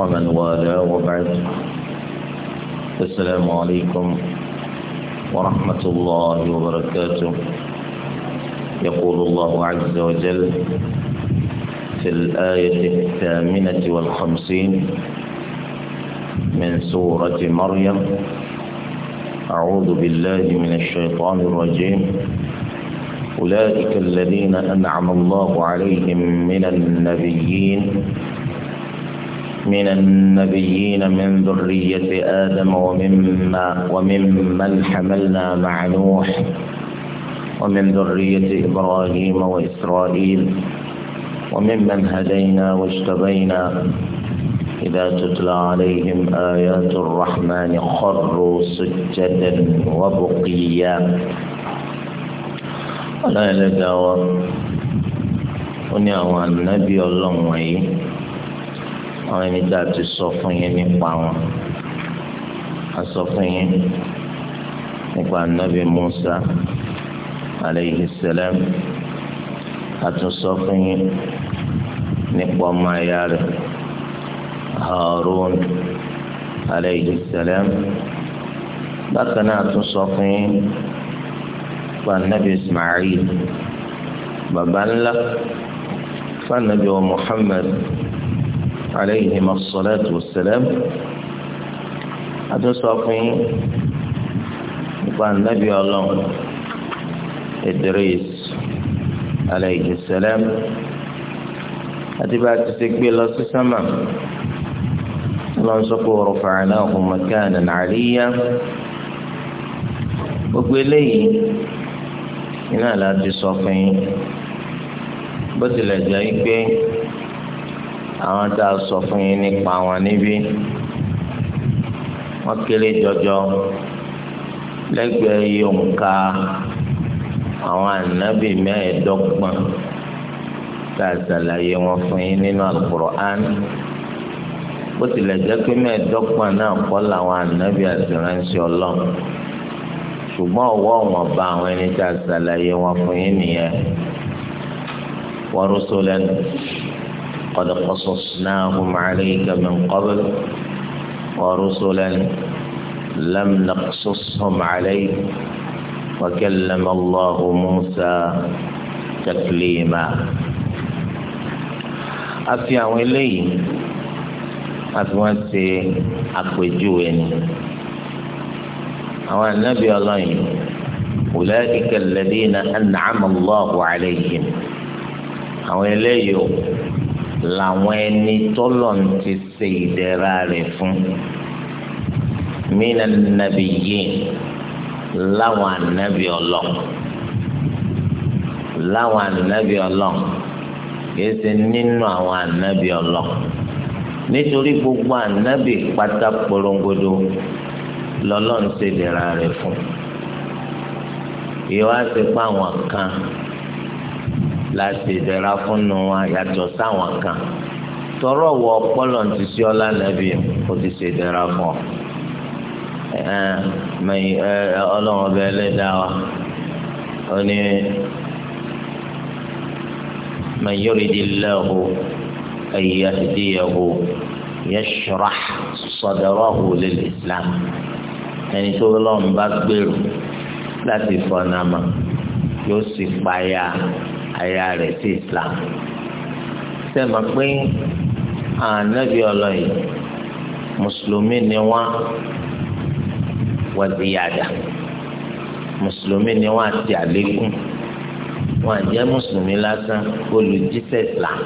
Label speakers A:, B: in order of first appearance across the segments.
A: ومن والاه وبعد السلام عليكم ورحمة الله وبركاته يقول الله عز وجل في الآية الثامنة والخمسين من سورة مريم أعوذ بالله من الشيطان الرجيم أولئك الذين أنعم الله عليهم من النبيين من النبيين من ذرية آدم ومما وممن حملنا مع نوح ومن ذرية إبراهيم وإسرائيل وممن هدينا واجتبينا إذا تتلى عليهم آيات الرحمن خروا سجدا وبقيا ولا يلدى ونعوى النبي الله àwọn ẹni tá a ti sọ fún yín nípa wọn a sọ fún yín nípa anabi Musa aleyhi salam a tún sọ fún yín nípa ọmọ ayá rẹ̀ bákan náà a tún sọ fún yín nípa anabi Ismail baba ńlá fún anabi wa Muhammad. عليه الصلاة والسلام أتصفين وكان نبي الله إدريس عليه السلام أتبع تكبير الله السماء. الله سقو رفعناه مكانا عليا وقلي إنا لا تصفين بس لا جايبين àwọn tá a sọ fún yín nípa wọn níbí wọn kéré jọjọ lẹ́gbẹ̀ẹ́ yonka àwọn ànábì mẹ́ẹ̀ẹ́dọ́gbọ̀n tá a ṣàlàyé wọn fún yín nínú alukur'an bó tilẹ̀ jẹ́ pé mẹ́ẹ̀ẹ́dọ́gbọ̀n náà kọ́ làwọn ànábì àtìránṣẹ́ ọlọ́run ṣùgbọ́n ọwọ́ wọn bá àwọn ẹni tá a ṣàlàyé wọn fún yín nìyẹn wa rusulan. قد قصصناهم عليك من قبل ورسلا لم نقصصهم عليك وكلم الله موسى تكليما afi àwọn eléyìí afi wọn ṣe àpèjúwe ni àwọn anábì ọlọ́yìn ulaika alladhina an'ama Allahu alayhim àwọn eléyìí o làwọn ẹni tọ́lọ̀ ń ti ṣe ìdẹ̀ra rẹ̀ fún mina nabi yin láwọn anabi ọlọ́n láwọn anabi ọlọ́n kìí ṣe nínú àwọn anabi ọlọ́n nítorí gbogbo anabi pátá porongodo lọ́lọ́n ṣe ìdẹ̀ra rẹ̀ fún ìwà ṣe pa àwọn kan láti ìdẹ̀ra fúnnu wa yàtọ̀ sáwọn kan tọrọ wọ ọpọlọ ti sí ọlá nàbí o ti ṣe ìdẹ̀ra fún ọ ọlọ́run ọbẹ̀ ẹlẹ́dàá wa ó ní man yuridillahu an yahdiyahu yashrah sadrahu lil islam ẹni tó lọ́n bá gbèrò láti fọ̀nàmà yóò sì payà aya rẹ̀ sí islam sẹ́mi pé ànábì ọlọ́yìn mùsùlùmí ni wọ́n wàdíyàdà mùsùlùmí ni wọ́n àti àlékún wọ́n àjẹ́ mùsùlùmí lásán olùjíṣẹ́ islam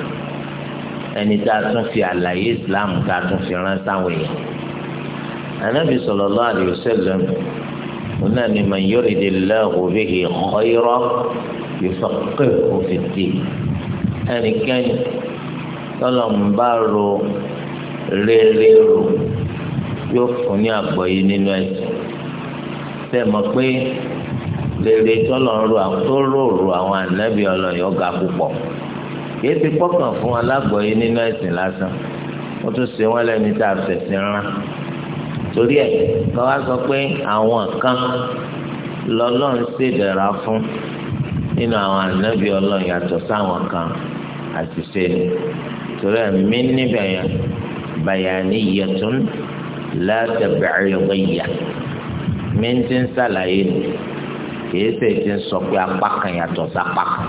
A: ẹni tá a tún fi àlàyé islam tá a tún fi rán sáwọn èèyàn ànábì sallallahu alayhi wa sallam ọ̀nà ni man yuridu Allahu bihi khayran yufaqqihu fid-din ẹnikẹ́ni tọ́lọ̀ ń bá ro rere ro yóò fún ní àgbọ́yé nínú ẹ̀sìn tẹ́ mọ̀ pé rere tọ́lọ̀ ń ro tó rorò àwọn ànábì ọlọ́yọ̀ ga púpọ̀ kìí ti pọ́kàn fún alágbọ̀yé nínú ẹ̀sìn lásán wọ́n tún ṣe wọ́n lẹ́ni tá a fẹ̀sìn rán torí ẹ̀ ká wá sọ pé àwọn kan lọ́lọ́run ṣèdẹ̀ra fún nínú àwọn ànábì ọlọ́run yàtọ̀ sáwọn kan àṣìṣe ni torí ẹ̀mí níbẹ̀ yẹn bàyàní yẹtún látẹ̀bẹ̀rẹ̀ lọ́yà mí ti ń sàlàyé ni kìí ṣe ti ń sọ pé apá kan yàtọ̀ sápá kan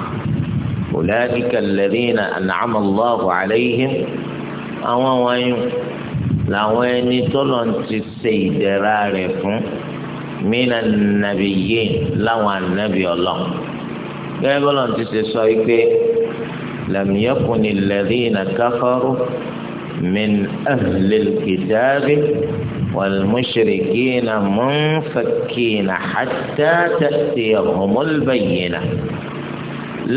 A: ọ̀làdìkà lẹ́rìnà ànàmà lọ́ọ̀bù àlẹ́yìn àwọn wọ̀nyí làwọn ẹni tọ́lọ̀ ti ṣe ìdẹ̀ra rẹ̀ fún mí nà nàbìyé láwọn ànábì ọlọ́run. gẹ́gẹ́ bọ́lá ti ṣe sọ yìí pé làmìyẹ́kùn alladhina kafaru min ahlil kitabi wal mushrikina munfakkina hatta ta'tiyahumul bayyinah.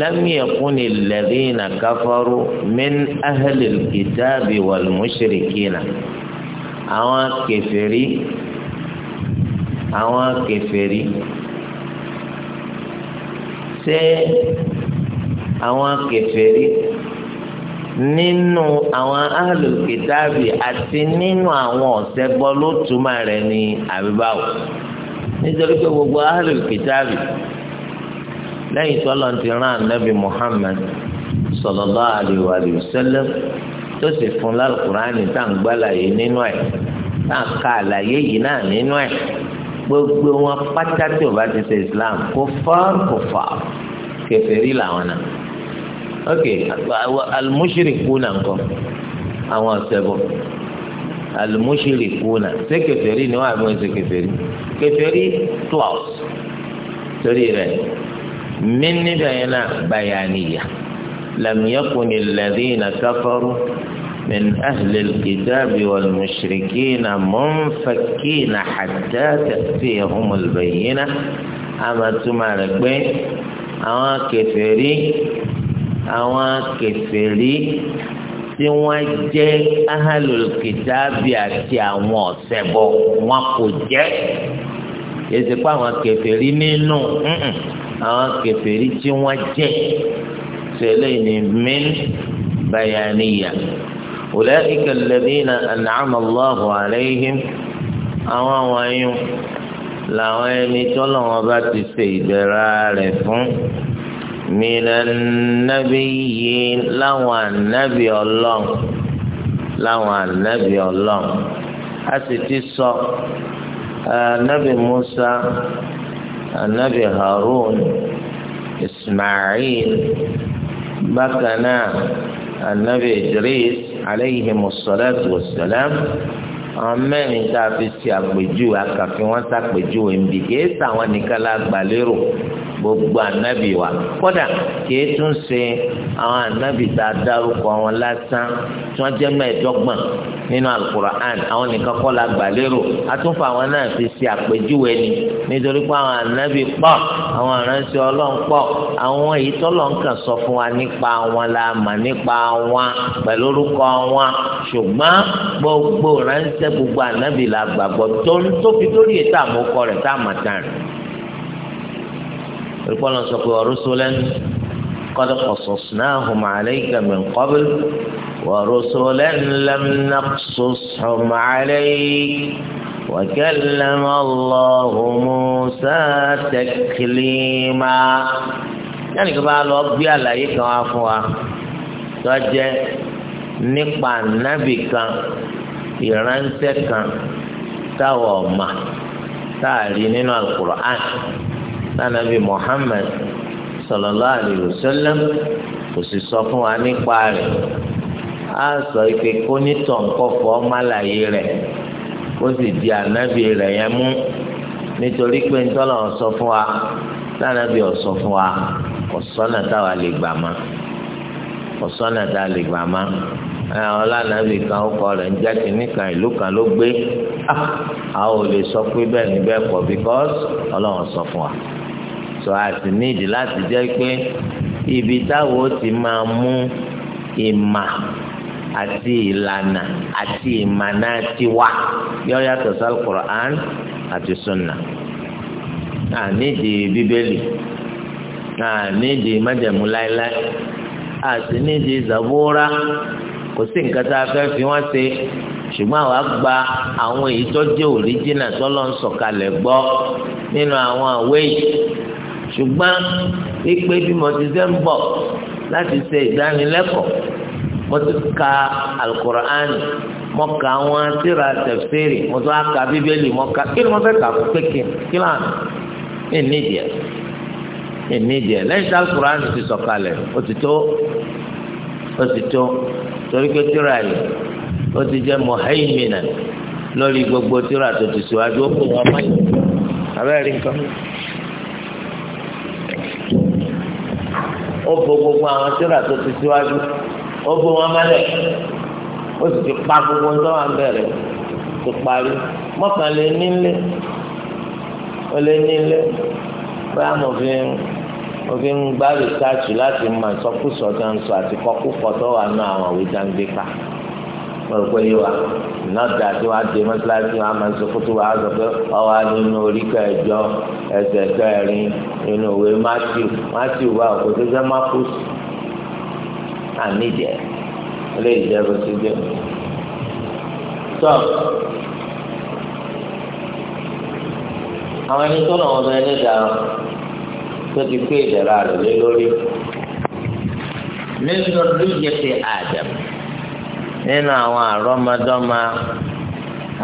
A: لم يكن الذين كفروا من أهل àwọn والمشركين أو كفري أو كفري ṣe àwọn kèfèrí nínú àwọn ahlul kitabi àti nínú àwọn ọ̀sẹ̀bọ ló túmọ̀ rẹ̀ ní àbíbáwò nítorí pé gbogbo ahlul kitabi lẹ́yìn tó lọ́n ti rán anabi muhammad sallallahu alaihi wa sallam tó sì fún lálùkùránì tá à ń gbàlàyé nínú ẹ̀ tá à ń ka àlàyé yìí náà nínú ẹ̀ gbogbo wọn pátá tí o bá ti ṣe islam kò fà kò fà kèfèrí làwọn náà ok alimushirikuna ńkọ àwọn ọ̀sẹ̀bọ alimushirikuna ṣé kèfèrí ni wọn àbí wọn ṣe kèfèrí kèfèrí twelve torí rẹ mí níbẹ̀ yẹn náà bayaniya lam yakuni alladhina kafaru. من أهل الكتاب والمشركين منفكين حتى تأتيهم البينة أما تمارك أو كفري أو كفري tí wọ́n jẹ́ ahlul kitabi àti àwọn ọ̀ṣẹbọ wọn kò jẹ́ èsì pa àwọn kèfèrí nínú àwọn kèfèrí tí wọ́n jẹ́ tẹ́lẹ̀ ní min bayaniya. أولئك الذين أنعم الله عليهم àwọn wọ̀nyí làwọn ẹni tọ́lọ̀ wọn bá ti ṣe ìdẹ̀ra rẹ̀ fún minan nabiyyin láwọn ànábì ọlọ́run láwọn ànábì ọlọ́run a sì ti sọ ànábì Musa ànábì Harun Ismail bákan náà ànábì Idris. عليهم الصلاة والسلام àwọn mẹ́rin tá a fi ṣe àpèjúwe akàfi wọn ṣàpèjúwe nbí kìí ṣàwọn nìkan la gbà lérò gbogbo ànábì wa kódà kìí tún ṣe àwọn ànábì tá a dárúkọ wọn lásán tí wọn jẹ́ mẹ́ẹ̀ẹ́dọ́gbọ̀n nínú alukur'an àwọn nìkan kọ́ la gbà lérò àtúnfà àwọn náà fi ṣe àpèjúwe ni nítorí pé àwọn ànábì pọ̀ àwọn aránṣẹ́ Ọlọ́run pọ̀ àwọn èyí tọ́lọ̀ ń kàn sọ fún wa nípa wọn la mà nípa wọn pẹ̀lú orúkọ wọn ṣùgbọ́n gbogbo ránṣẹ́ iṣẹ́ gbogbo ànábì la gbàgbọ́ tó ń tóbi lórí ètò àmúkọ rẹ̀ tá a mọ̀ tán rẹ̀. olùkọ́ni sọ pé rusulan qad qasasnahum alayka min qabl wa rusulan lam naqsushum alayka wa kallama Allahu Musa taklima. yẹ́nì kí bá lọ gbé àlàyé kan wá fún wa tó nípa ànábì kan ìránṣẹ́ kan táwọn ọ̀ma táàrí nínú alukur'an lánàbí muhammed sallallahu alayhi wa sallam kò sì sọ fún wa nípa rẹ̀ á sọ pé kó nítọ̀ nǹkan fọ́ ọmọláyé rẹ̀ kó sì di ànábì rẹ̀ yẹn mú nítorí pé ntọ́lọ̀ sọ fún wa lánàbí ọ̀sọ̀ fún wa ọ̀sọ́nà táwa lè gbà máa ọ̀sánà tá a lè gbà má ọlànàbì kan ó kọ rẹ̀ ń jẹ́ kínní kan ìlú kan ló gbé ah, a ò lè sọ pé bẹ́ẹ̀ ni bẹ́ẹ̀ kọ́ because ọlọ́run sọ fún wa sọ àti nídìí láti jẹ́ pé ibi táwo ti máa mú ìmà àti ìlànà àti ìmànà tiwa yọ yàtọ̀ sálù Qur'an àti sunna náà nídìí bíbélì náà májẹ̀mú láéláé àti nídìí zàbúrà kò sí nǹkan tá a fẹ́ fi wọ́n ṣe ṣùgbọ́n àwa gba àwọn èyí tó jẹ́ òríjìnà tọ́lọ́ ń sọ̀kalẹ̀ gbọ́ nínú àwọn àwé yìí ṣùgbọ́n ìpè bí mo ti fẹ́ ń bọ̀ láti ṣe ìdánilẹ́kọ̀ọ́ mo ti ka alukur'an mo ka àwọn tírà tẹ̀fẹ́rì mo tún á bíbélì mo ka kí ni mo fẹ́ kà fún pékin kí lóhàn ní ìdíyẹ. ìnídìí ẹ̀ lẹ́yìn tí alukur'an ti sọ̀kalẹ̀ ó ti torí pé tíra yìí ó ti jẹ́ mọ̀hẹ́yìmìnà lórí gbogbo tíra tó ti síwájú ó kò wọ́n mọ́ abẹ́rẹ́ nǹkan. ó bo gbogbo àwọn tíra tó ti síwájú ó bo wọn mọ́lẹ̀ ó sì ti pa gbogbo ń tọ́wọ́ abẹ́rẹ́ ti parí òfin ń gbá rìsáàtì láti mọ ìsọkúsọ tó ń sọ àti kọkúkọ tó wà ní àwọn òwe dáńgbé ká wọ́n rò pé yé wa nọ́ọ̀dà tí wọ́n á dé mọ́tíláṣí wọn á máa sọ kótó wa á sọ pé ọwọ́ nínú orí kẹjọ ẹsẹ̀ kẹrin nínú òwe Matthew Matthew wa òkú tó jẹ́ Marcus àníjẹ ilé ìjẹun tó jẹ́ tọ́ àwọn ẹni tó nà wọn bẹ ẹlẹ́dàá tó ti pé ìdẹ̀ra rẹ̀ lé lórí. nínú lóyèsè Adam nínú àwọn àrọ́mọdọ́mọ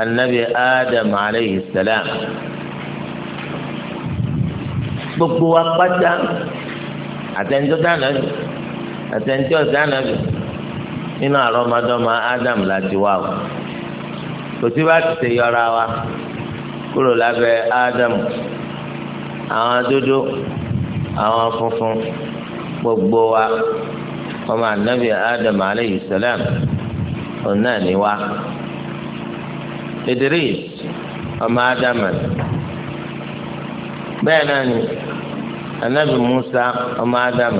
A: anabi Adam aleyhi salam gbogbo wa pátá àtẹnjọ́ dáná bi àtẹnjọ́ dáná bi nínú àrọ́mọdọ́mọ Adam láti wá o kò sí bá ti ṣe yọra wa kúrò lábẹ́ Adam àwọn dúdú àwọn funfun gbogbo wa ọmọ anabi adam aleyhi salam ọ̀nà ni wa idris ọmọ adam bẹ́ẹ̀ náà ni anabi musa ọmọ adam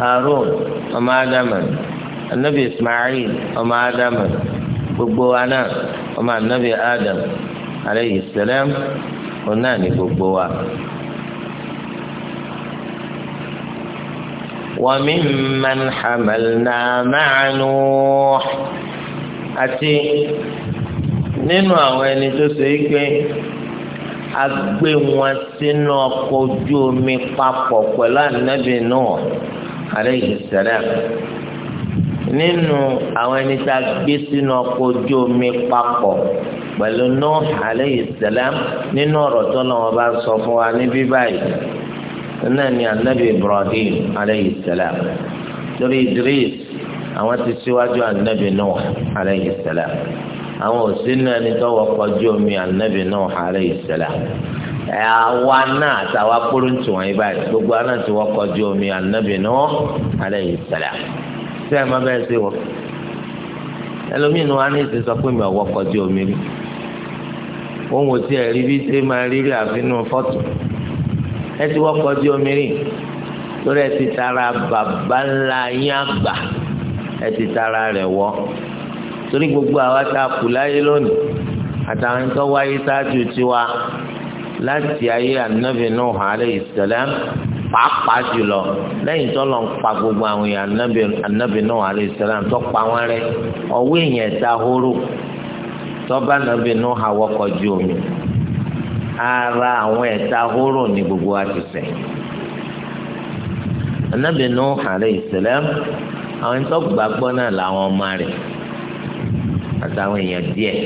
A: harun ọmọ adam anabi ismail ọmọ adam gbogbo wa náà ọmọ anabi adam aleyhi salam ọ̀nà ni gbogbo wa. وممن حملنا مع نوح àti nínú àwọn ẹni tó ṣe é pé a gbé wọn sínú ọkọ̀ ojú omi papọ̀ pẹ̀lú ànábì Nuh alayhi salam nínú àwọn ẹni tá a gbé sínú ojú omi papọ̀ pẹ̀lú Nuh alayhi salam nínú ọ̀rọ̀ tó lọ́wọ́ bá sọ fún wa níbí báyìí náà ni anabi ibrahim aleyhi salam lórí idris àwọn ti síwájú anabi nuh aleyhi salam àwọn òsínú ẹni tó wọ kọjú omi anabi nuh aleyhi salam àwa náà àtàwa kúrúntù wọn yìí báyìí gbogbo àná tí wọ́n kọjú omi anabi nuh aleyhi salam sí ẹ̀ má bẹ́ẹ̀ sí wọ́n ẹlòmíì wa ní ìsìn sọ pé mi ò wọ kọjú omi rí òun ò tiẹ̀ rí bí ṣe máa rí rí àfínú fọ́tò ẹ ti wọ́kọ̀ di omi rìn lórí ẹ ti tara bàbá ńlá yín àgbà ẹ ti tara rẹ̀ wọ́ torí gbogbo àwa tá a kù láyé lónìí àtàwọn tó wáyé sáájú tiwa láti ayé anabi Nuh alayhi salam pàápàá jùlọ lẹ́yìn tó lọ ń pa gbogbo àwọn èèyàn anabi Nuh alayhi salam tó pa wọn rẹ́ ọwọ́ èèyàn ẹ̀ta horo tó bá anabi Nuh awọkọ̀ ju omi ara àwọn ẹ̀ta hóró ni gbogbo wa ti ṣẹ̀. Ànábì Nuh alayhi salam àwọn ẹni tó gbàgbọ́ náà làwọn ọmọ rẹ̀ àtàwọn èèyàn díẹ̀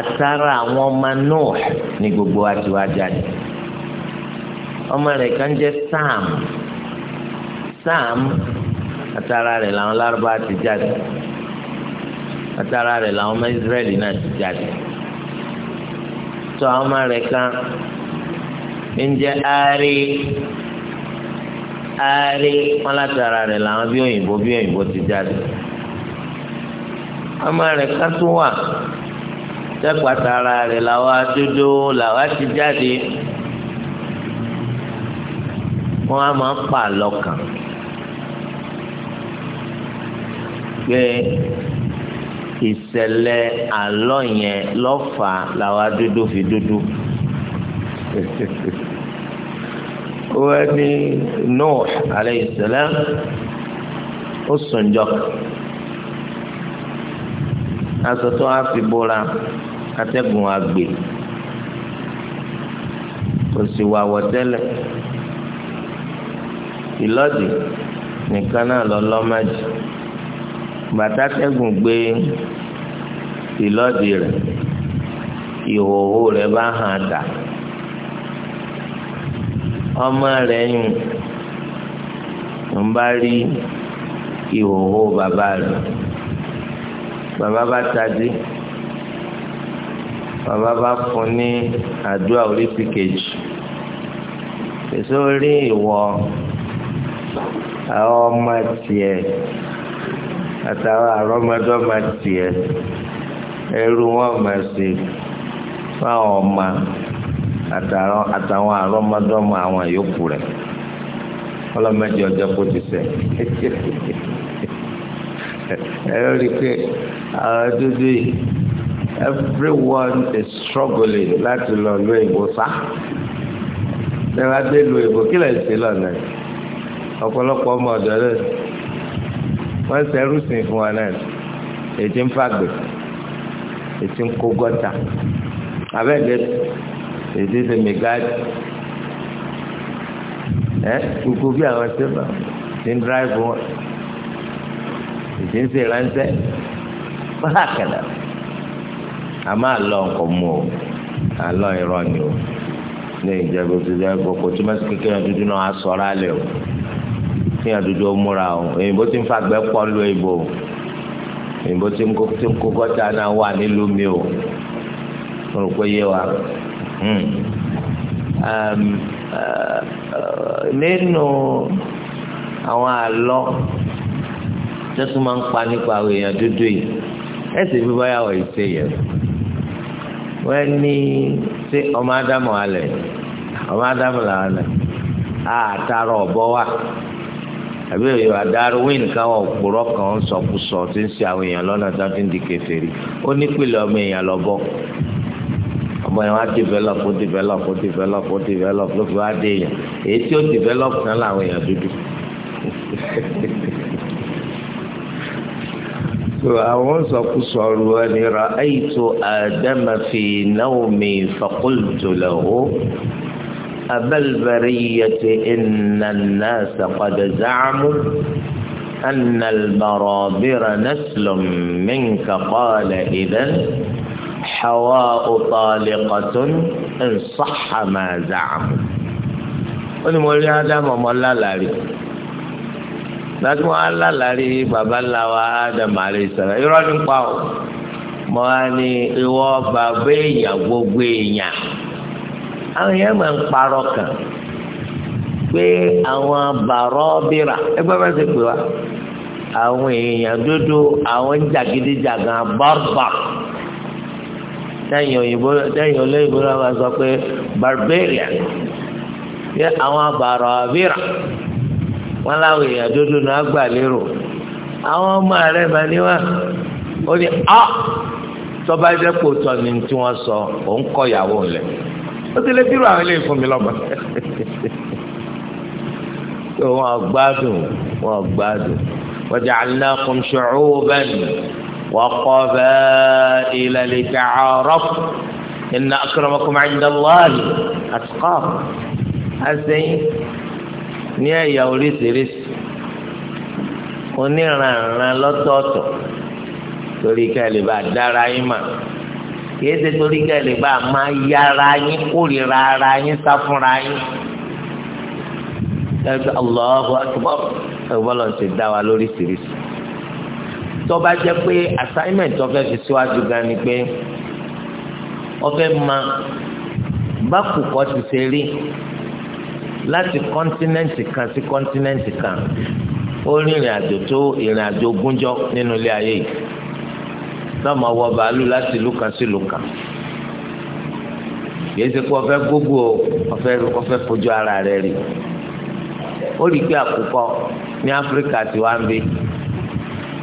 A: àtàrà àwọn ọmọ Nuh ni gbogbo wa ti wá jáde ọmọ rẹ̀ kan jẹ́ Sam Sam àtàrà rẹ̀ làwọn Lárúbá ti jáde àtàrà rẹ̀ làwọn ọmọ Israẹli náà ti jáde sọ àwọn ọmọ rẹ̀ kan ń jẹ́ ari ari wọn látara rẹ̀ làwọn bí òyìnbó bí òyìnbó ti jáde ọmọ rẹ̀ kan tún wà tẹ́pàtàrà rẹ̀ làwọn adúdó làwọn ti jáde wọn á máa pa àlọ́ pé ìṣẹ̀lẹ̀ àlọ́ yẹn lọ́fà làwa dúdú fi dúdú. wọ́n ní Nuh alayhi salam ó sùn aṣọ tó wá fi bóra atẹ́gùn àgbè kò sì wà wọ̀tẹ́lẹ̀ ìlọ́dì nìkan náà lọ́lọ́ májì bàtà tẹ́gùn gbé ìlọ́dì rẹ̀ ìhòòhò rẹ̀ bá hàn dà ọmọ rẹ̀ yùn ń bá rí ìhòòhò bàbá rẹ̀ bàbá bá tají bàbá bá fún ní àdúrà orí píkèjì èso rí ìwọ àwọn ọmọ tiẹ̀ àtàwọn àrọ́mọdọ́ máa tiẹ̀ ẹrú wọn máa ṣe fáwọn ọmọ àtàwọn àrọ́mọdọ́ máa àwọn yòókù rẹ̀ ọlọ́mọdé ọjọ́ kó ti sẹ̀ ẹ rí i pé àwọn dúdú yìí everyone is struggling láti lọ lo ìbò sá ẹ wá dé lo ìbò kí lè ṣe lọ́nà ọ̀pọ̀lọpọ̀ ọmọ ọ̀dọ́ náà wọ́n ṣẹ́rù sìn fún wa náà ètí ń fàgbè ètí ń kó gọ́tà abẹ́gẹ́ ètí ṣe mẹ́gáàdì ẹ́ gbogbo bí àwọn sẹ́fà ti ń dráìbù wọn ètí ń ṣe ránṣẹ́ wọ́n àkàdà àmọ́ àlọ́ nǹkan mú o àlọ́ irọ́ ni o ní ìjẹ́bù tó jẹ́ gbogbo tó má sì kékeré dúdú náà á sọ̀rọ̀ alẹ́ o kí àdúgbò múra o òyìnbó ti ń fagbẹ́ pọ̀ lu ìbò òyìnbó ti ń kó ti ń kó gọ́tà náà wà nílùú mi o mo rò pé yé wa hmm. um, uh, nínú àwọn àlọ́ tó tún máa ń pa nípa àwọn èèyàn dúdú yìí ẹsẹ̀ bí báyà wọ̀ yìí ṣe yẹ wọ́n ní ṣé ọmọ ádámù alẹ̀ ọmọ ádámù làwọn alẹ̀ àtàrà ọ̀bọ wa àbí òyò àdárúwìn káwọn òpùrọ́ kan ń sọkúsọ tí ń ṣe àwọn èèyàn lọ́nà tó fi ń di kèfèrí ó nípìnlẹ̀ ọmọ èèyàn lọ́bọ̀ ọmọ yẹn wá develop ó develop ó develop ó develop ló fi wá dé èèyàn èyí tí ó develop náà làwọn èèyàn dúdú àwọn sọkúsọ ọrù ẹni ra ẹyìn tó àdámà náà mi fàkóòtò lẹ́wọ́. أبا البرية إن الناس قد زعموا أن البرابر نسل منك قال إذا حواء طالقة إن صح ما زعم ونمولي هذا ما مولا لاري لكن مولا لاري بابا وآدم عليه السلام يراجم قاو مولي إيوه بابي يا بوبي àwọn yẹn máa ń parọ́ kàn pé àwọn bàrọ́ bíra ẹgbẹ́ bá ti pè wa àwọn èèyàn dúdú àwọn jàgídíjàgàn bárbà lẹ́yìn òyìnbó lẹ́yìn olóyìnbó náà máa sọ pé barbarian yẹ àwọn bàrọ̀ bíra wọn láwọn èèyàn dúdú náà gbà lérò àwọn ọmọ rẹ máa ní wá ó ní ọ ah! tọ́ba jẹ́ pòtọ́ ni tí wọ́n sọ òun kọ́ ìyàwó ó ti lé bírò àwọn eléyìí fún mi lọ́ba tó wọn gbádùn wọn gbádùn waja'alnakum shu'uban wa qaba'ila lita'arafu inna akramakum 'inda Allahi atqakum àṣeyìn ní ẹ̀yà oríṣiríṣi oníranran lọ́tọ̀ọ̀tọ̀ torí ká lè bá dára yín mà kìí ṣe torí kẹlẹ bá a máa yára yín kórìíra ara yín sá fúnra yín ẹgbẹ Allahu akbar ẹgbẹ lọ ti dá wa lórí sírìsì tó bá jẹ́ pé assignment tó fẹ́ fi síwájú gan ni pé ọfẹ ma bákùkọ ti ṣe rí láti kọ́ńtínẹ́ǹtì kan sí kọ́ńtínẹ́ǹtì kan ó rìnrìn àjò tó ìrìn àjò ogúnjọ́ nínú ilé ayé yìí náà máa wọ bàálù láti ìlú kan sí ìlú kan yìí ṣe kó ọfẹ gbogbo ọfẹ ọfẹ fojú ara rẹ rí ó rí pé àkùkọ ní áfíríkà tí wàá ń bí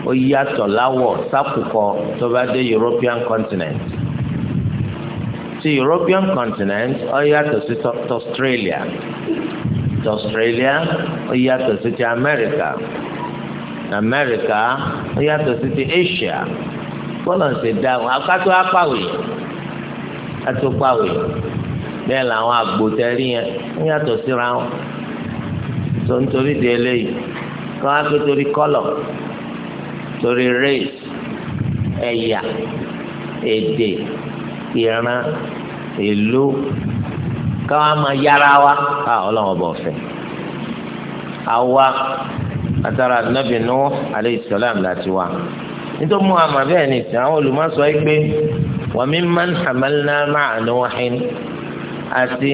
A: ó yàtọ̀ láwọ̀ sákùkọ tó bá dé european continent ti european continent ó yàtọ̀ sí australia ti australia ó yàtọ̀ sí ti america america ó yàtọ̀ sí ti asia bọ́lá ń ṣe dá wọn akátó apáwèé akátó apáwèé bẹ́ẹ̀ làwọn agbótẹ́rí yẹn ń yàtọ̀ síra wọn tó ń torí di eléyìí kọ́ á pé torí kọ́lọ̀ torí race ẹ̀yà èdè ìran ìlú káwa máa yára wa ká ọlọ́run ọba ọ̀fẹ́ àwa àtàrà nàbì Nuh alayhi salam láti wá nítorí mú àmà bẹ́ẹ̀ ni tí àwọn olùmọ̀sọ yìí pé wa mimman hamalna ma'a Nuhin àti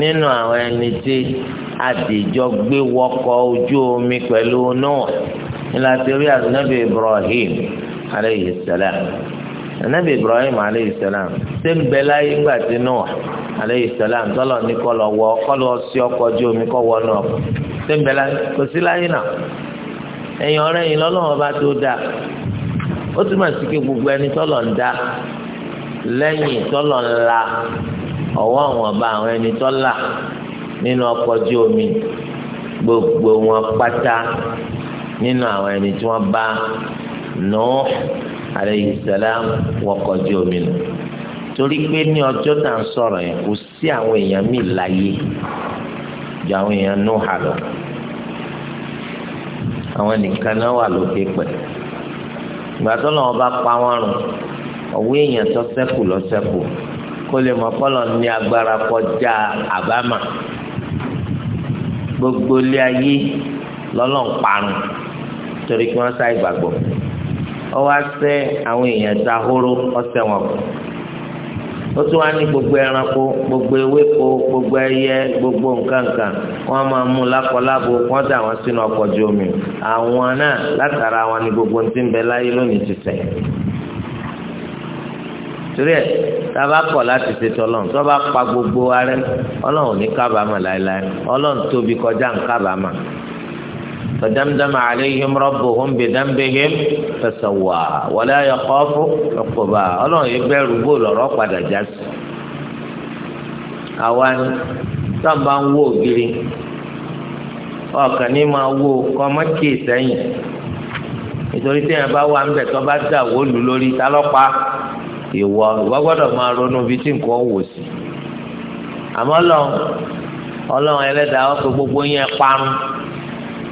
A: nínú àwọn ẹni tí a ti jọ gbé wọkọ̀ ojú omi pẹ̀lú Nuh nílá ti rí ànábì Ibrahim aleyhi salam ànábì Ibrahim aleyhi salam ṣé ń bẹ láyé ńgbà tí Nuh aleyhi salam tọ́lọ̀ ní kọ́ lọ wọ kọ́ lọ sí ọkọ̀ ojú omi kọ́ wọ náà ṣé ń bẹ láyé kò sí láyé náà ẹ̀yin ọ̀rẹ́ yìí lọ́lọ́wọ́ bá tó dáa ó túmọ̀ sí pé gbogbo ẹni tọ́lọ̀ ń dá lẹ́yìn tọ́lọ̀ ń la ọwọ́ àwọn ọba àwọn ẹni tọ́lá nínú ọkọ̀ ojú omi gbogbo wọn pátá nínú àwọn ẹni tí wọ́n bá Nuh alayhi salam wọkọ̀ omi nù torí pé ní ọjọ́ tá à ń sọ̀rọ̀ yẹn kò sí àwọn èèyàn míì láyé ju àwọn èèyàn Nuh lọ àwọn nìkan náà wà lókè pẹ̀lú ìgbà tó lọ́wọ́ bá pa wọn rùn ọ̀wọ́ èèyàn tó sẹ́kù lọ sẹ́kù kó lè mọ kọ́lọ̀ ní agbára kọjá àbámà gbogbo ilé ayé lọ́lọ́ ń parun torí kí wọ́n sá ìgbàgbọ́ ọwọ́ á sẹ́ àwọn èèyàn dahoro ọ̀sẹ̀ wọn kù ó tún wá ní gbogbo ẹranko gbogbo ewéko gbogbo ẹyẹ gbogbo nǹkankan wọn máa mú lákọlábo wọn dà wọn sínú ọkọ̀ ojú omi àwọn náà látara wọn ni gbogbo ti ń bẹ láyé lónìí ti tẹ̀ torí ẹ tába kọ̀ láti ṣètò Ọlọ́run tó bá pa gbogbo arẹ Ọlọ́run ní kábàámà láéláé Ọlọ́run tóbi kọjá ń kábàámà فدمدم عليهم ربهم بذنبهم فسواها ولا يخاف عقباها Ọlọ́run yìí bẹ̀rù bó lọ́rọ̀ padà já sí. àwa ni tá a bá ń wo ògiri ọkàn ní máa wo kọ́mọ́tì sẹ́yìn nítorí téèyàn bá wà ńbẹ̀ tó bá dà wó lù lórí tálọ́pà ìwọ ìwọ gbọ́dọ̀ máa ronú bí tí nǹkan wò sí. àmọ́ lọ Ọlọ́run ẹlẹ́dàá ọkọ̀ gbogbo yẹn parun.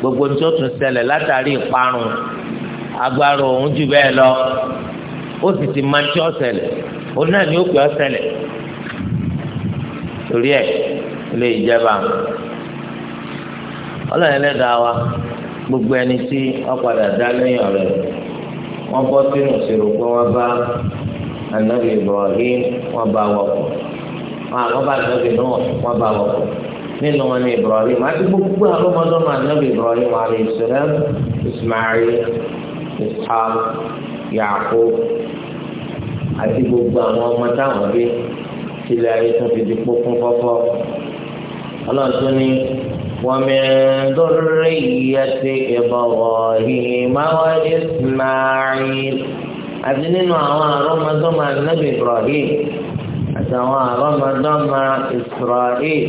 A: gbogbo tó tún sẹlẹ̀ látàrí ìparun agbára òun jù bẹ́ẹ̀ lọ ó sì ti máa ń tí ó sẹlẹ̀ òun náà ni ó pè sẹlẹ̀ torí ẹ̀ lè jẹba ọlọ́run wa gbogbo ẹni tí wọ́n padà dá lẹ́yìn ọ̀rẹ́ wọ́n bọ́ sínú ìṣòro pé wọ́n bá wọ́n nínú wọn ní ibrahim àti gbogbo àwọn ọmọdọ́mọ anábì ibrahim aleyhisselam ismail ishaq yaako àti gbogbo àwọn ọmọ táwọn bí tilẹ̀ ayé tó fi di kpókún fọ́fọ́ ọlọ́ọ̀tún ni ومن ذرية إبراهيم وإسماعيل àti nínú àwọn àrọ́mọdọ́mọ anábì ibrahim àti àwọn àrọ́mọdọ́mọ israel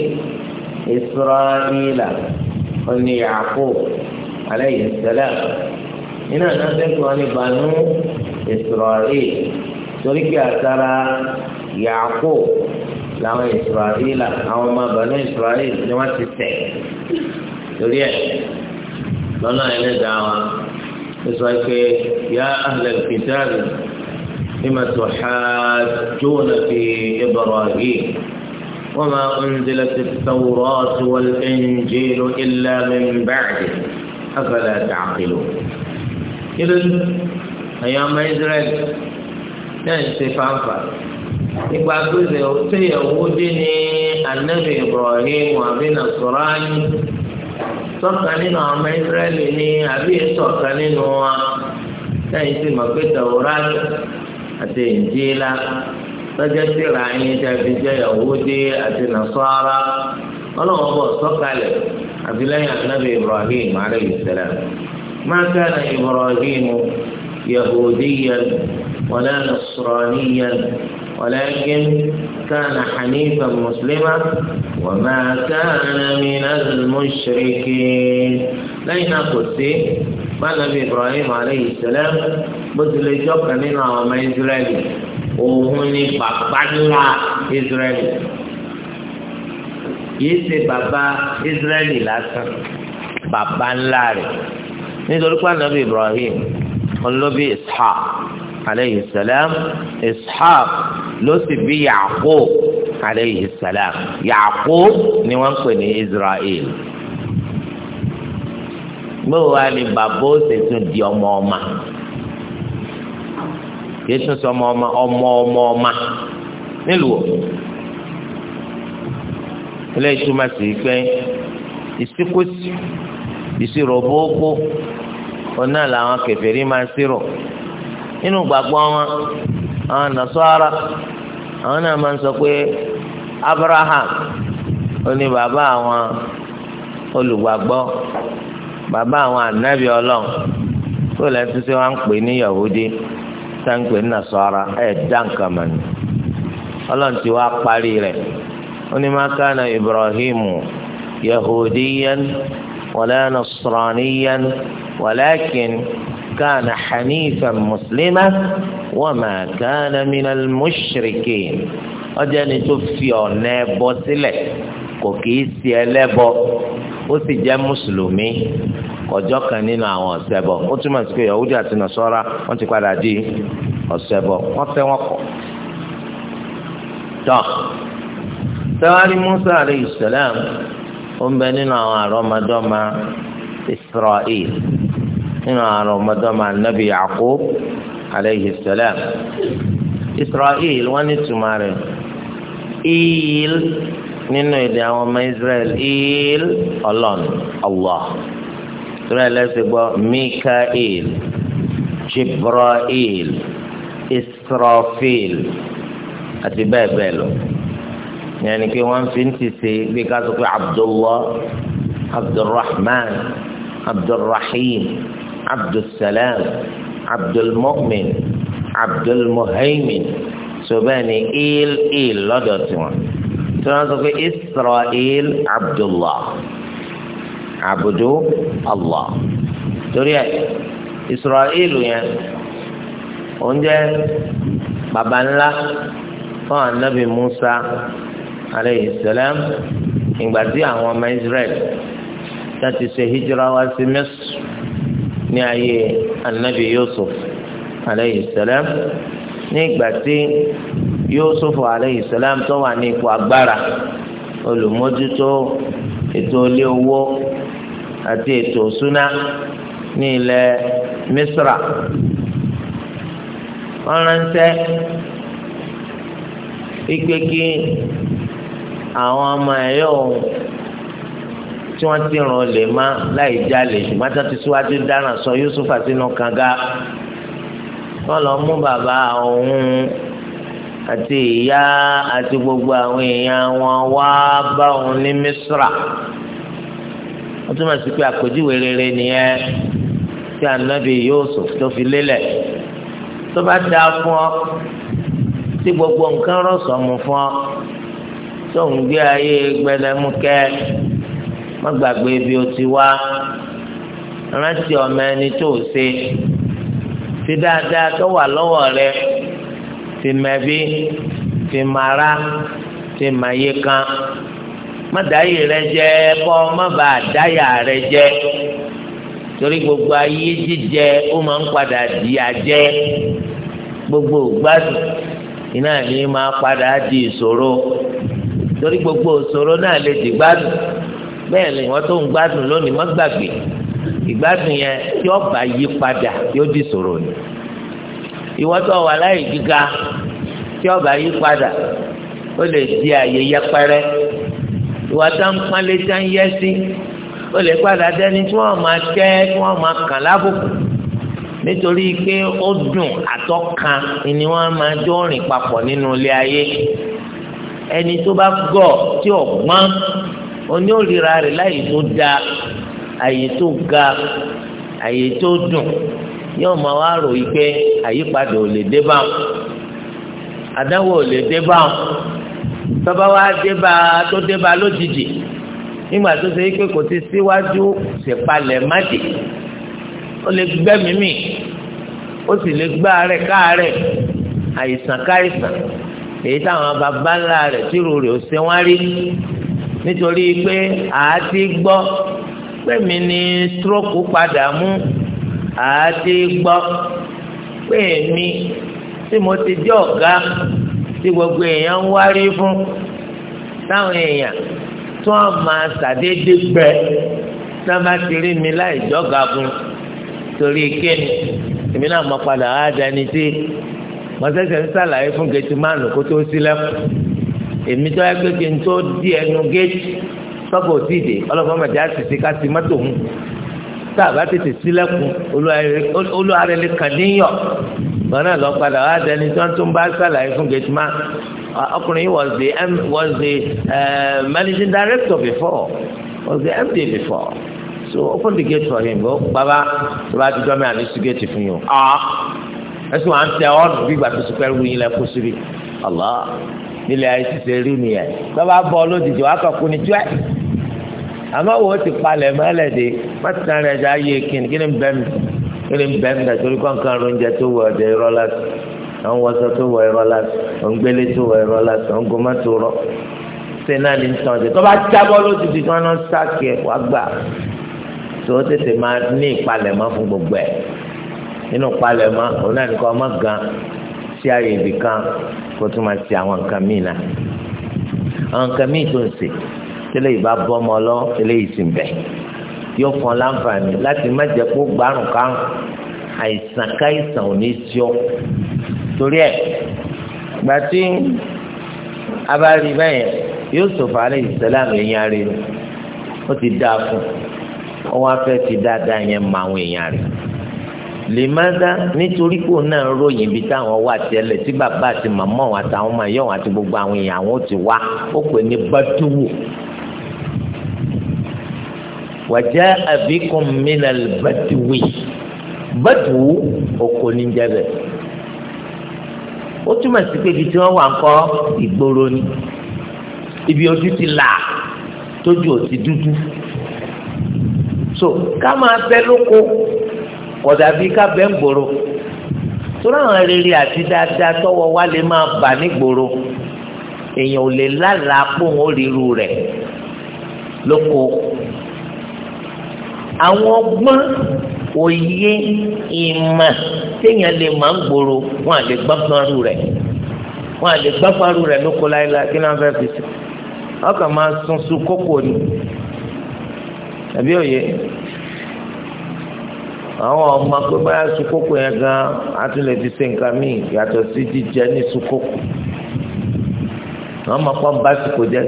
A: israẹla ọni yaako aleyhi sẹlẹm iná náà sẹkùn ọni banu israẹli torí pé àtàrà yaako làwọn israẹla àwọn ọmọ banu israẹli ni wọn ti tẹ torí ẹ lọ́nà ẹlẹ́dàá wa sọ pé yá ahlẹ̀ kìtàbí ni màtò xaajúwọ̀n fi ibrahim. وما أنزلت التوراة والإنجيل إلا من بعده أفلا تعقلون إذن أيام إسرائيل ننسي فانفا nípa pèsè òtẹ́yẹ̀wò dín ní anabi ibrahim àbí nasarani sọ́ka nínú ọmọ israẹli ní àbí sọ́ka nínú wa lẹ́yìn tí màgbé tàwọ́rá àti ìjìlá lọ́jọ́ tí ra yín tàbí jẹ́ Yahudi àti Nasara ọlọ́wọ́n bọ̀ sọ́kalẹ̀ àti lẹ́yìn anábì Ibrahim alayhi salam ma kana Ibrahim Yahudiyan wala Nasraniyan ولكن كان حنيفا مسلما وما كان من المشركين لين قدسي ما نبي إبراهيم عليه السلام بذل جوكا من أمام إسرائيل òun ni bàbá ńlá Israẹli yìí ṣe bàbá Israẹli lásán bàbá ńlá rẹ̀ nítorí pé anabi Ibrahim olóbi Ishaq aleyhi salam Ishaq ló sì bí Yaakub aleyhi salam Yaakub ni wọ́n pè ní Israel gbọ́dọ̀ wá ní bàbá ó sì di ọmọ ọma kìí tún sọ ọmọ ọmọ ọmọ ọmọ ọmọ nílùú ilé ìtumọ̀ sí pé ìsíkòsí ìṣirò bóókó ọ̀nà làwọn kèfèrí máa ń ṣírò nínú gbàgbọ́ wọn àwọn Nasara àwọn náà máa ń sọ pé Abraham ó ní bàbá àwọn olùgbàgbọ́ bàbá àwọn ànábì ọlọ́run tó lẹ́tún sí wọn ń pè ní Yahudi sáńpẹ̀ nasara ẹ̀ dáǹkà mà ní ọlọ́run ti wá parí rẹ̀ ó ní ma kana Ibrahim yahudiyan wala nasraniyan walakin kana hanifan muslima wa ma kana minal mushrikin ọjọ́ ni tó fi ọ̀nà ẹbọ sílẹ̀ kò kìí ṣe ẹlẹ́bọ ó sì jẹ́ mùsùlùmí ọjọ́ kan nínú àwọn ọ̀sẹ̀bọ ó túmọ̀ sí pé yahudi àti nasọ́ra wọ́n ti padà di ọ̀sẹ̀bọ wọ́n fẹ́ wọn kọ̀ tán sẹ́wárí musa aleyhi salam ó ń bẹ nínú àwọn àrọ́mọdọ́mọ israel nínú àwọn àrọ́mọdọ́mọ anabi yaqub aleyhi salam israel wọ́n ní tùmọ̀ rẹ̀ ìyíl nínú èdè àwọn ọmọ Israel il ọlọ́n Allah Israel ẹsẹ gbọ́ Mikael Jibrail Israfil àti bẹ́ẹ̀ bẹ́ẹ̀ lọ yẹn ni pé wọ́n fi ń ti ṣe bí ká sọ pé Abdullah Abdulrahman Abdulrahim Abdulsalam Abdulmu'min Abdulmuhaymin sọ bẹ́ẹ̀ ni il il lọ́dọ̀ tiwọn tí wọ́n sọ pé Israel Abdullah abudu Allah torí ẹ Israel yẹn òun jẹ́ baba ńlá fún anabi Musa aleyhi salam ìgbà tí àwọn ọmọ Israel láti ṣe hijira wá sí Misr ní ayé anabi Yusuf aleyhi salam ní tí Yusuf alayhi salam tó wà ní ipò agbára olùmójútó ètò ilé owó àti ètò òsúná ní ilẹ̀ Misra wọ́n ránṣẹ́ ikpe kí àwọn ọmọ ẹ̀yọ́ tí wọ́n ti ràn lè má láì jalè ṣùgbọ́n tó ti síwájú dáná sọ Yusuf àti nù kànga wọ́n lọ mú bàbá òun àti ìyá àti gbogbo àwọn èèyàn wọn wá bá òun ní Misra wọ́n túmọ̀ sí pé àpèjúwe rere nìyẹn tí anabi Yusuf tó fi lélẹ̀ tó bá da fún ọ tí gbogbo nǹkan rọ̀sọ̀mù fún ọ tó ń gbé ayé gbẹdẹmúkẹ́ má gbàgbé bí o ti wá rántí ọmọ ẹni tó o ṣe. Ti dáadáa tó wà lọ́wọ́ rẹ ti mẹ̀bí ti mara ti màyé kan má dáyé rẹ jẹ kọ́ má bà dáyà rẹ jẹ torí gbogbo ayé jíjẹ ó máa ń padà di àjẹ gbogbo gbádùn iná ní máa padà di ìṣòro torí gbogbo ìṣòro náà lè di bẹ́ẹ̀ wọ́n tó ń lónìí má ìgbádùn yẹn tí ó bá yí padà yóò di ṣòro ni ìwọ tó wà láyé gíga tí ó bá yí padà ó lè di àyè yẹpẹrẹ ìwọ tó ń pánlé tó ń yẹ sí ó lè padà dẹni tí wọ́n máa tẹ́ tí wọ́n máa kàn lábùkù nítorí pé ó dùn àtọ́kan ni wọ́n máa jọ rìn papọ̀ nínú ilé ayé ẹni tó bá gọ̀ tí ò gbọ́n rẹ̀ láyé tó dáa àyè tó ga àyè tó dùn yóò máa wá rò yìí pé àyípadà ò lè dé bá wọn àdáwò ò lè dé bá wọn tọ́ba wa dé bá tó dé bá lójijì nígbà tó ṣe pé kò ti síwájú ṣèpalẹ̀ májè ó lè gbẹ́mìí mì ó sì lè gbá rẹ̀ káàrẹ̀ àìsàn káìsàn èyí táwọn baba ńlá rẹ̀ tìrù rẹ̀ ò ṣe wọ́n rí nítorí pé àá ti gbọ́ pé mi ní stroke padà mú àti gbọ́ pé mi tí mo ti jẹ́ ọ̀gá tí gbogbo èèyàn ń wárí fún táwọn èèyàn tí wọ́n máa ṣàdédé gbẹ tí wọ́n bá ti rí mi láì jọ́gà fún torí kéènì èmi náà mọ padà á dání tí mo ṣẹ̀ṣẹ̀ ń ṣàlàyé fún gẹ̀tì márùn kó tó sílẹ̀ èmi tó yẹ pé tó di ẹnu gẹ̀tì tọ́gbà ò tí ì dé ọlọ́fọ́n mẹ́ta á sì ti ká sí mọ́tò hùn tá a bá tètè sílẹ̀kùn olúwarẹ̀ lè kàn níyàn gbọ́nà lọ padà wá dẹni tí wọ́n tún bá sàlàyé fún gẹ̀tìmá ọkùnrin yìí was the m was the uh, managing director before was the MD before so open the gate for him ó bàbá tó bá ti dọ́ mi àní sí gẹ̀tì fún yìí o ah. ẹ̀sùn à ń tẹ ọ́nù bí gbàtú sípẹ́ wí yín lẹ́kùn síbi Allah nílẹ̀ ayé ti ṣe rí nìyẹn bàbá bọ́ ọ lójijì wàá kọ̀ kú ni jẹ́ àmọ́ wo ti palẹ̀ mọ́lẹ̀ de mọ́tìtàn rẹ̀ dá yé kíni kíni bẹ́ẹ̀ mi kíni bẹ́ẹ̀ mi dàtórí kọ̀ọ̀kan oúnjẹ tó wọ ọ̀dẹ̀ irọ́ láti àwọn wọ́sọ tó wọ irọ́ láti àwọn gbélé tó wọ irọ́ láti àwọn gomá tó rọ́ ṣe náà ní tán ọ̀dẹ̀ tó bá jábọ́ ló ti di tí wọ́n náà sáàkì ẹ̀ wá gbà tó tètè máa ní ìpalẹ̀mọ́ fún gbogbo ẹ̀ nínú ìpalẹ̀mọ́ òun náà nìkan ọmọ tẹ́lẹ̀ ìbá bọ́mọ lọ tẹ́lẹ̀ ìsìn bẹ̀ yóò fún ọ láǹfààní láti má jẹ́ kó gbárùn kárùn àìsàn káìsàn ò ní sí ọ torí ẹ gbàtí abárí bẹ́ẹ̀ Yusuf alayhi salam èèyàn rẹ̀ ó ti dá a fún ọ wá fẹ́ ti dáadáa yẹn mọ àwọn èèyàn rẹ̀ lèmádá nítorí kò náà ròyìn ibi táwọn wà tẹ́lẹ̀ tí bàbá àti màmá wọn àtàwọn ọmọ ẹ̀yọ́ wọn àti gbogbo àwọn èèyàn àwọn ti wá ó pè ní bàtúwò wàjá àbíkùn mìíràn bàtúwì bàtúwù oko ní jẹbẹ ó túmọ̀ sí pé ibi tí wọ́n wà ń kọ́ ìgboro ni ibi ojú ti là tójú ò ti dúdú so ká máa bẹ lóko kódà bí ká bẹ ń gbòòrò torí àwọn rere àti dáadáa tọ́wọ́ wa lè máa bà nígboro èèyàn ò lè lálàá pòun ó ríru rẹ̀ lóko àwọn ọgbọ́n òye ìmọ̀ téèyàn lè máa ń gbòòrò wọn à lè gbá faru rẹ̀ wọn à lè gbá faru rẹ̀ lóko láéláé kí náà fẹ́ fi sí ọkàn máa sun sun kókò ni tàbí òye àwọn ọmọ pé báyà sukoko yẹn gan a tún lè fi ṣe nǹkan míì yàtọ̀ sí jíjẹ ní sukoko àwọn ọmọ pọ́n bá sùkò jẹ́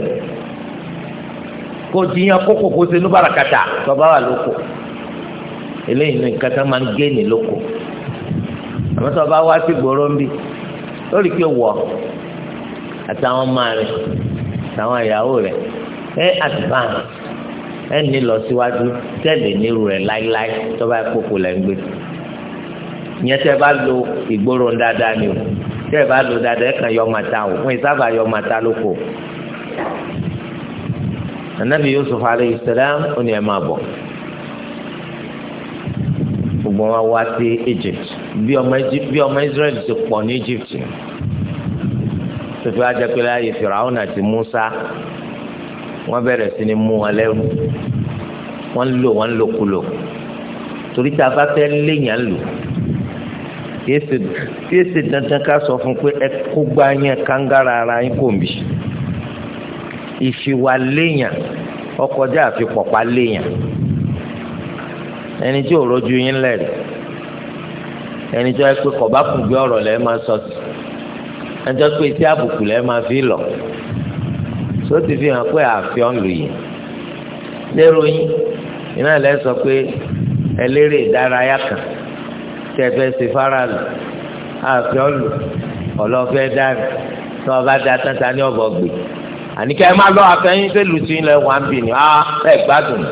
A: kò jiyàn kókò kó ṣe núbàrà kàtà tọba wà lóko eléyìí ní nǹkan tó máa ń gé ní lóko àmọ́ tọba wá sí gbòòrò ń bì lórí pé wọ àtàwọn ọmọ rẹ àtàwọn ìyàwó rẹ ẹ advance ẹ ní lọ síwájú tẹ́lẹ̀ nírú rẹ láíláí tọba kókò lẹ́ ń gbé ìyẹn tẹ́ bá lo ìgboro dáadáa ni o tẹ́ bá lo dáadáa ẹ kàn yọ ọmọ ta o fún ìsábà yọ ọmọ ta lóko anabi yusuf alayhi salam ó ní ẹ máa bọ̀ gbogbo wọn wá sí egypt bí ọmọ israel ti pọ̀ ní egypt sọfí ajẹpẹlẹ ayé fìràwọn àti musa wọ́n bẹ̀rẹ̀ sí ni mú wọn lẹ́rú wọ́n lò wọ́n lòkulò torí tá a bá fẹ́ léèyàn lò kí èsì dandan ká sọ fún pé ẹ kó gbá yẹn kángára ara yín kò ń ìfiwà léèyàn ọkọjá àfipọ̀pá léèyàn ẹni tí ò rojú yín lẹ́rìí ẹni tí wọ́n pe kọ̀bá kù gbé ọ̀rọ̀ lẹ́ẹ̀ máa sọ sí ẹni tí wọ́n pe tí àbùkù lẹ́ẹ̀ máa fi lọ tó ti fi hàn pé àfi ọ̀n yìí lérò yín iná ẹ̀ lẹ́sọ pé ẹlẹ́rìí ìdárayá kan tẹ́ fẹ́ ṣe fáráàlú àfi ọ̀n ọ̀lọ́fẹ́ dárì tí wọ́n bá da tán ta ní ọ̀bọ̀ gbé àníkẹ́ ẹ má lọ àfẹ́yìn pé lùtì ilẹ̀ wà ń bì ní á ah, ẹ gbádùn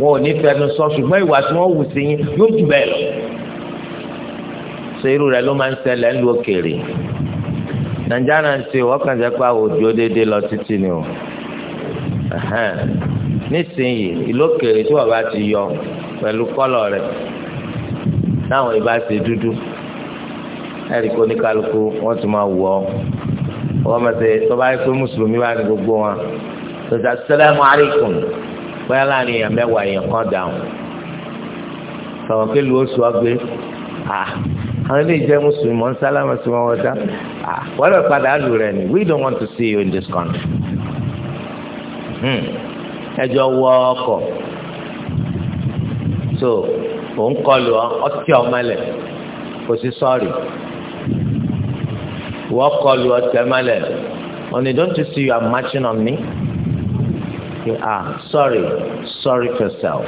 A: wọn ò ní fẹnu sọ ṣùgbọ́n ìwà tí wọ́n wù sí yín yóò jù bẹ́ẹ̀ lọ. ṣé irú rẹ ló máa ń ṣẹlẹ̀ ń lu òkèèrè nàìjíríà náà ń ṣe wọ́kàn jẹ́ pé òjò déédéé lọ títí ni o nísìnyí ìlókèrè tí wọ́n bá ti yọ pẹ̀lú kọ́lọ̀ rẹ̀ táwọn ìbá ṣe dúdú ẹ̀rí kóníkálukú wọ́n ti máa wọ̀ ọ́ wọ́n máa ṣe tọ́ba yẹ pé mùsùlùmí bá ní gbogbo wọn tọ́jà sẹ́lẹ̀mù aríkùn bóyá láàrin èèyàn mẹ́wàá èèyàn kan dáhùn sọ̀rọ̀ pé lu oṣù ọgbẹ́ àwọn ilé ìjẹ́ mùsùlùmí mọ̀ sálámà sí wọn wọ́dá wọ́n lọ padà lù rẹ̀ ni we don't want to see you in this country hmm. ẹjọ́ wọ ọkọ̀ so òun kọlu ọtí ọmọlẹ̀ kò sí sọ́ọ̀rì wọ́n kọlu ọ̀tẹ̀ mọ́lẹ̀ Oni, don't you see you are marching on me? You are ah, sorry, sorry for yourself.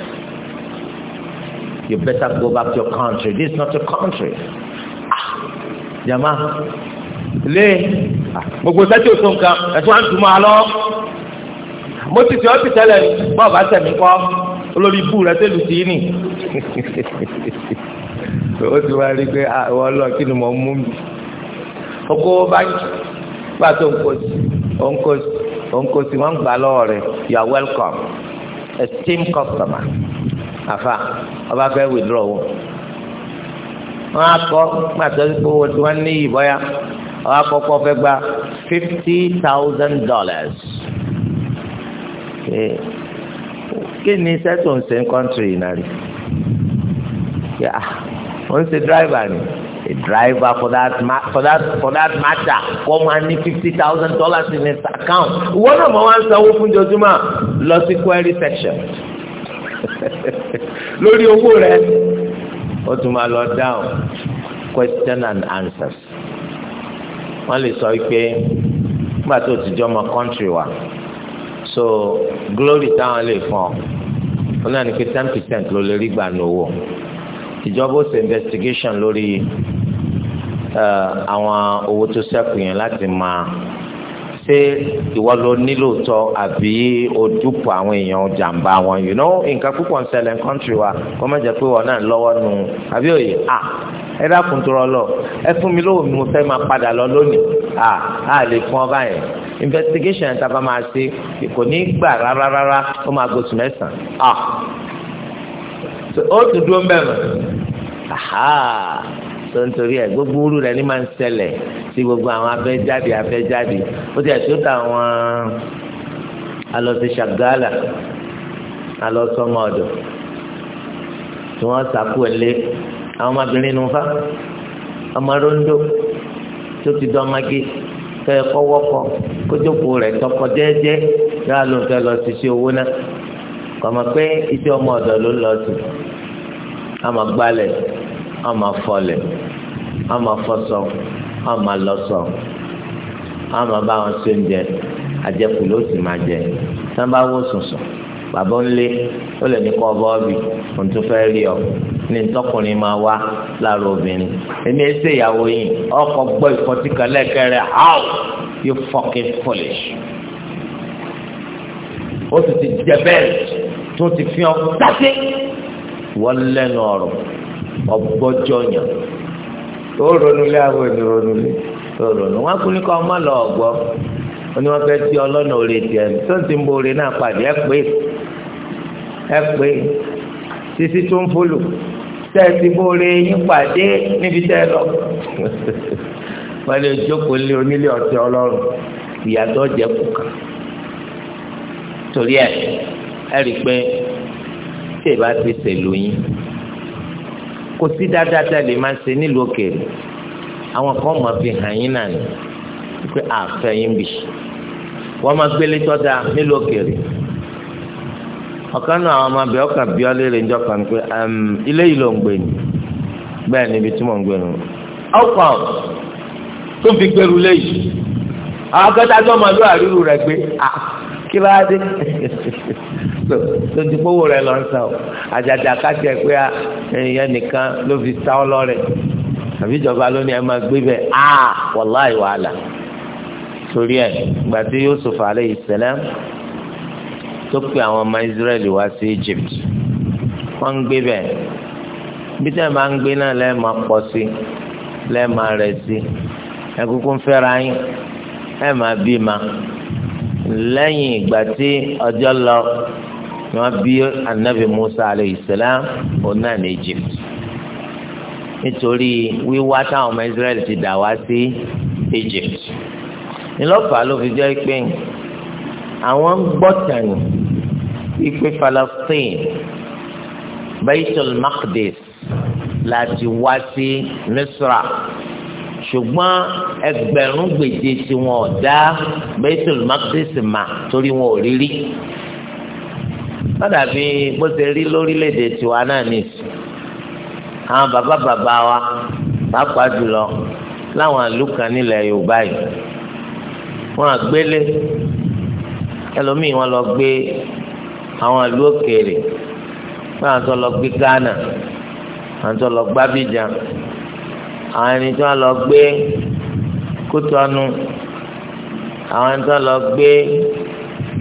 A: You better go back to your country. This is not your country. Ah, jama, le, ah, gbogbo sẹ́tì òsùn kan ẹ̀tún à ń tún máa lọ. Mo ti tẹ ọ́ ti tẹ́lẹ̀ bọ́ọ̀ bá tẹ̀mí kọ́ olórí ibú rẹ̀ tẹ́lu sí ní. Ó ti wá rí i pé àwọn ọlọ́ọ̀ kí ni mo mú mi oko báńkì gbà tó nkosi onkosi onkosi wọn gbà lọ́wọ́ rẹ̀ you are welcome esteemed customer Afa, ọba fẹ́ withdraw wọn wọn akọ gbàtọ owó tí wọn ní yìí bọyá ọba kọkọ fẹ́ gba fifty thousand dollars eh, kí ni sẹ́tò ń ṣe ń kọ́ńtìrì náà rí yà ó ń ṣe dráìvà ni a driver for that ma for that for that matter wọ́n máa ní fifty thousand dollars in his account One of my ones ń sanwó fún jojúmọ́ lọ sí query section lórí owó rẹ ó tún máa lọ down. question and answers wọ́n lè sọ pé nígbà tó ti jọmọ country wa so glory táwọn lè fún ọ wọn náà ní pé ten percent ló lè rí gbà ní owó ìjọba ó ṣe investigation lórí Eh, àwọn owó tó ṣẹ́kù yẹn láti máa ṣé ìwọ ló nílò tọ àbí ojúpọ̀ àwọn èèyàn jàǹbá wọn yìí náà nǹkan púpọ̀ ń ṣẹlẹ̀ ń kọ́ńtì wa kó má jẹ́ pé wọn náà lọ́wọ́ nù àbí òye à ẹ dákun tó rọlọ ẹ fún mi lóhùn mo fẹ́ máa padà lọ lónìí à á lè fún ọ báyìí investigation tá a bá máa ṣe kò ní gbà rárá rárá ó máa gbòòsù mẹ́sàn-án à ó tún dúró ń bẹ̀rẹ̀ tó ń torí ẹ gbogbo olú rẹ ní máa ń ṣẹlẹ̀ sí gbogbo àwọn afẹ́jáde afẹ́jáde ó ti ẹ̀sùn tà wọ́n alọ́sí ṣàgálà alọ́sọ́mọ ọ̀dọ̀ tí wọ́n sàkú ẹ̀ lé àwọn ọmọbìnrin nu fa ọmọ rondo tó ti dán magi tẹ kọ́wọ́kọ́ kótópò rẹ̀ tọkọ jẹ́jẹ́ yóò lóun fẹ́ lọ sí sí owó náà kọ̀mọ̀ pé iṣẹ́ ọmọ ọ̀dọ̀ ló lọ sí àmọ̀ gbalẹ̀ a máa fọlẹ̀ a máa fọṣọ a máa lọṣọ a máa bá wọn ṣe oúnjẹ àjẹkù ló sì máa jẹ tí wọn bá wò sùnsùn bàbá ńlé ó lè ní kọ́ bọ́ọ̀bì òun tún fẹ́ rí ọ ní ntọ́kùnrin máa wá lára obìnrin èmi ẹ ṣe ìyàwó yìí ọkọ̀ gbọ́ ìfọ̀tí kan lẹ́kẹrẹ how you fucking foolish ó sì ti jẹ bẹ́ẹ̀ tó ti fi ọ dáṣẹ́ wọ́n lẹ́nu ọ̀rọ̀ ọgbọ́jọ́ yàn ó ronú lé àwọn ẹni ronú lé ó ronú wọn kú ní kọ́ ọmọ lọ ọgbọ́ oní wọn fẹ́ tí ọlọ́nà òrè tiẹ̀ tó ń ti ń bo òrè náà pàdé ẹ pé ẹ pé sisi tó ń fọlù tẹ́ ẹ ti bo òrè yín pàdé níbi tẹ́ ẹ lọ wọn lè jókòó lé onílé ọtí ọlọ́run ìyàtọ̀ jẹ kù torí ẹ ẹ rí i pé tí ìbá ti ṣèlú yín kò sí dáadáa tá a lè máa ṣe nílùú òkèèrè àwọn kan máa fi hàn yín náà ni pé àfẹ́ yín bì wọ́n máa gbélé tọ́da nílùú òkèèrè ọ̀kan náà àwọn ọmọ abẹ́ ọkàn bí ọlẹ́rẹ̀ ń jọkàn pé ilé yìí ló ń gbé ni bẹ́ẹ̀ níbi tí mò ń gbé nu ọkọ̀ tó fi gbèrú léyìí àwọn akẹ́tàjọ́ máa lọ àrírù rẹ̀ gbé ah, kí ló á dé tó ti kówó rẹ̀ lọ ń sàn o àjàjà kàtì ẹ̀ pé ẹ̀yẹn nìkan ló fi sá ọ lọ́rẹ̀ àbí ìjọba lónìí ẹ máa gbé bẹ́ẹ̀ á wàláì wàhálà torí ẹ̀ gbà tí Yusuf alayhi salam tó pe àwọn ọmọ Israẹli wá sí Egypt wọ́n ń gbé bẹ́ẹ̀ bí tẹ́ ẹ máa ń gbé náà lẹ́ẹ̀ máa pọ̀ sí lẹ́ẹ̀ máa rẹ̀ sí ẹ kúkú ń fẹ́ra yín ẹ máa bí ma lẹ́yìn ìgbà tí ọjọ́ lọ ni wọ́n bí anabi musa alayhi salam òun náà ní egypt nítorí wíwá táwọn ọmọ israẹli ti dà wá sí egypt nílọ́fà ló fi jẹ́ pé àwọn ń gbọ́tàn ìpè Palestine Baitul Maqdis láti wá sí Misra ṣùgbọ́n ẹgbẹ̀rún gbèje tí wọ́n dá Baitul Maqdis mà torí wọn ò rírí lọ́dà bí bó ṣe rí lórílẹ̀‐èdè tiwa náà nìsí àwọn bàbá bàbá wa pàápàá jùlọ láwọn àlùkàn nílẹ̀ Yorùbá yìí wọn àgbélé ẹlòmíì wọn lọ gbé àwọn àlù òkèèrè wọn àtọ lọ gbé Ghana àtọ lọ gbé Abidjan àwọn ẹni tí wọn lọ gbé Kútọnù àwọn ẹni tí wọn lọ gbé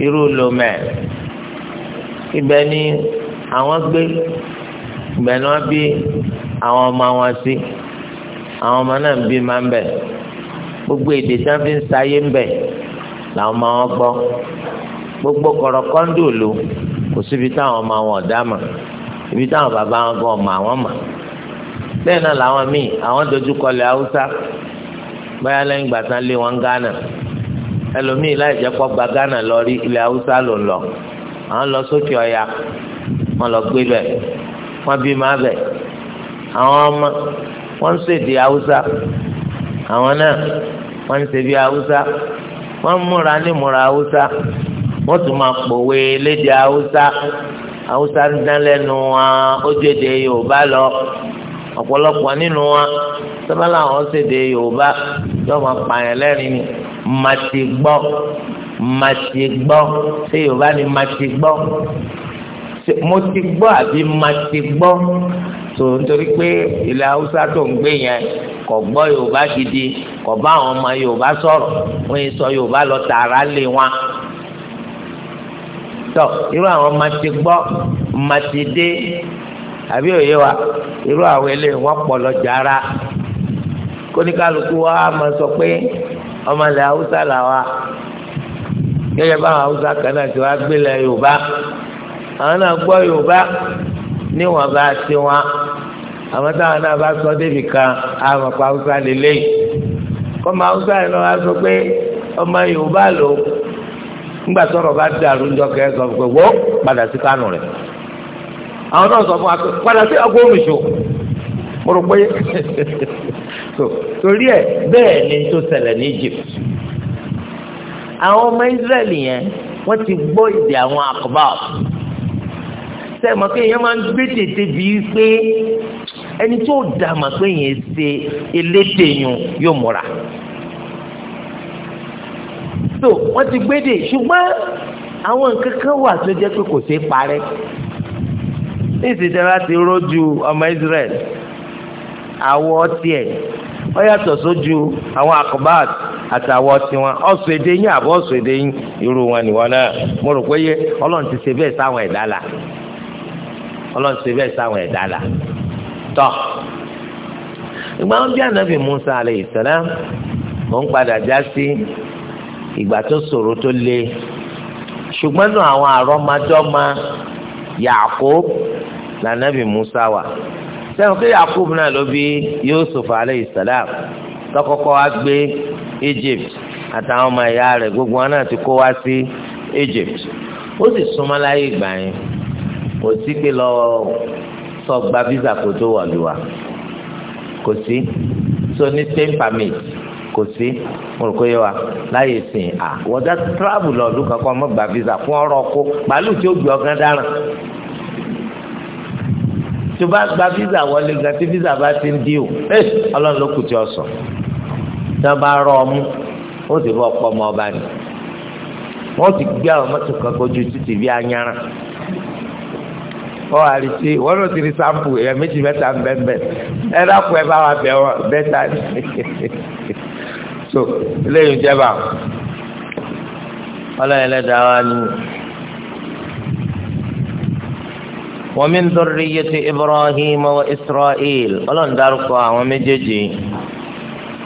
A: irú Lomé ibẹ̀ ni àwọn gbé ibẹ̀ ni wọ́n bí àwọn ọmọ wọn sí àwọn ọmọ náà bí máa ń bẹ̀ gbogbo èdè tí wọ́n fi ń sáyé ń bẹ̀ làwọn ọmọ wọn gbọ́ gbogbo kọ̀rọ̀kọ́ńdò ló kò síbi táwọn ọmọ wọn ọ̀dá mà ibi táwọn bàbá wọn gan ọmọ àwọn mà bẹ́ẹ̀ náà làwọn míì àwọn dojú haúsá báyà lẹ́yìn gbàtàn lé wọn Ghana ẹlòmíì láì jẹ́ kó gba Ghana lọ rí ilẹ̀ haúsá ló ń lọ àwọn lọ sókè ọ̀yà wọn lọ gbé bẹ̀ wọn bí má bẹ̀ àwọn ọmọ wọn ń ṣèdè haúsá àwọn náà wọn ń ṣe bí haúsá wọn ń múra ní múra haúsá wọn tún máa pòwe lédè haúsá haúsá ń dán lẹ́nu wọn ó yorùbá lọ ọ̀pọ̀lọpọ̀ nínú wa sábà làwọn ṣèdè yorùbá yóò máa pààyàn lẹ́rìn ni màtí gbọ́ ma ti gbọ́ ṣé yorùbá ni ma ti gbọ́ mo ti gbọ́ àbí ma ti gbọ́ tó nítorí pé ilẹ̀ haúsá tó ń gbé yẹn kò gbọ́ yorùbá gidi kò bá àwọn ọmọ yorùbá sọ̀rọ̀ wọ́n yìí sọ yorùbá lọ tààrà lé wọn tọ irú àwọn ma ti gbọ́ ma ti dé àbí òye wa irú àwọn eléyìí wọ́n pọ̀ lọ jàrá kóníkàlùkù wa máa sọ pé ọmọ ilẹ̀ haúsá làwa. gẹ́gẹ́ báwọn haúsá kan náà ti wá gbélé yorùbá àwọn náà gbọ́ yorùbá níwọ̀n bá ti wọn àwọn táwọn náà bá sọ débi kan àwọn ọ̀pọ̀ haúsá lélẹ̀ kọ́mọ haúsá yìí náà wá sọ pé ọmọ yorùbá lò ńgbà tọrọ bá sọ pé padà sí rẹ̀ àwọn náà sọ fún wa àwọn ọmọ Israel yẹn wọ́n ti gbọ́ èdè àwọn àkọ́bá sẹ́ẹ̀mọ́ pé èèyàn máa ń gbé tètè bíi pé ẹni tó dà mà pé yẹn ṣe elédè yun yóò múra so wọ́n ti gbédè ṣùgbọ́n àwọn nǹkan kan wà tó jẹ́ pé kò ṣeé parẹ́ ní ìsìtẹ́ láti rójú ọmọ Israel àwọ̀ tiẹ̀ ó yàtọ̀ sójú àwọn akọ̀bát àtàwọ̀ tiwọn ọ̀sùn èdè yín àbọ̀ ọ̀sùn èdè yín irú wọn nìwọ̀n náà mo rò pé ọlọ́run ti ṣe bẹ́ẹ̀ sáwọn ẹ̀dá la ọlọ́run ti ṣe bẹ́ẹ̀ sáwọn ẹ̀dá la tọ́ ìgbà wọn bí anabi Musa alayhi salam mo ń padà já sí ìgbà tó ṣòro tó le ṣùgbọ́n náà àwọn àrọ́mọdọ́mọ Yàkó lànàbì Musa wà sẹ́wọ̀n pé yakub náà ló bí yusuf alayhi salam lọ́kọ́kọ́ wá gbé egypt àtàwọn ọmọ ẹ̀yà rẹ̀ gbogbo wọn náà ti kó wá sí egypt ó sì súnmọ́ láyé ìgbà yẹn kò sí pé lọ sọ gba visa kó tó wọ̀lú wa kò sí so ní ten permit kò sí mo rò pé wa láyé sìn à wọ́n dá travel lọ́dún kankan mọ́ gba visa fún ọ̀rọ̀ kó bàálù tí ó gbé ọ̀gán dáràn tó bá gba fíìsà wọlé gan tí fíìsà bá ti ń díò ẹ eh, ọlọ́run ló kù tí ọ sọ tí wọ́n bá rọ ọmú ó sì fọ́ ọ̀pọ̀ ọmọ ọba ni wọ́n ti gbé àwọn mọ́tò kan kojú títì bí anyára ọ àrí sí wọ́n ló ti rí sáǹpù èèyàn méjì mẹ́ta ń bẹ́ẹ̀ bẹ́ẹ̀ ẹ dákú ẹ bá wa bẹ̀ wọ́n bẹ́ẹ̀ta ni so eléyìí jẹ́ bá ọlọ́run ẹlẹ́dàá wa ni. wa min dhurriyyati ibrahim wa israel ọlọ́run dárúkọ àwọn méjèèjì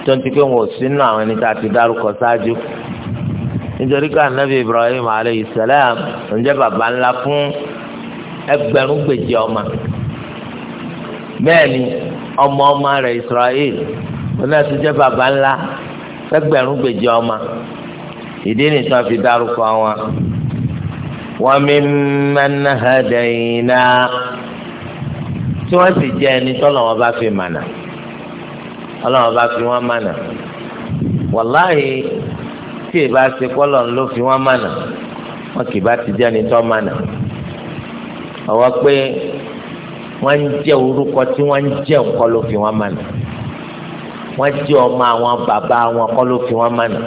A: tó ń ti pé wọn ò sínú àwọn ẹni tá a ti dárúkọ ṣáájú nítorí ká nàbí ibrahim aleyhi salam ń jẹ́ bàbá ńlá fún ẹgbẹ̀rún gbèjì ọmọ bẹ́ẹ̀ ni ọmọ ọmọ rẹ̀ israel wọn náà ti jẹ́ bàbá ńlá ẹgbẹ̀rún gbèjì ọmọ ìdí nìkan fi dárúkọ wọn. وممن هدينا tí wọ́n sì jẹ́ ẹni tọ́lọ̀ wọn bá fi mànà ọlọ́wọ́n bá fi wọ́n mànà wàláhì tí ìbá ṣe kọ́lọ̀ ló fi wọ́n mànà wọn kì bá ti jẹ́ ẹni tọ́ mànà ọwọ́ pé wọ́n ń jẹ́ orúkọ tí wọ́n ń jẹ́ nǹkan ló fi wọ́n mànà wọ́n jẹ́ ọmọ àwọn bàbá wọn kọ́ ló fi wọ́n mànà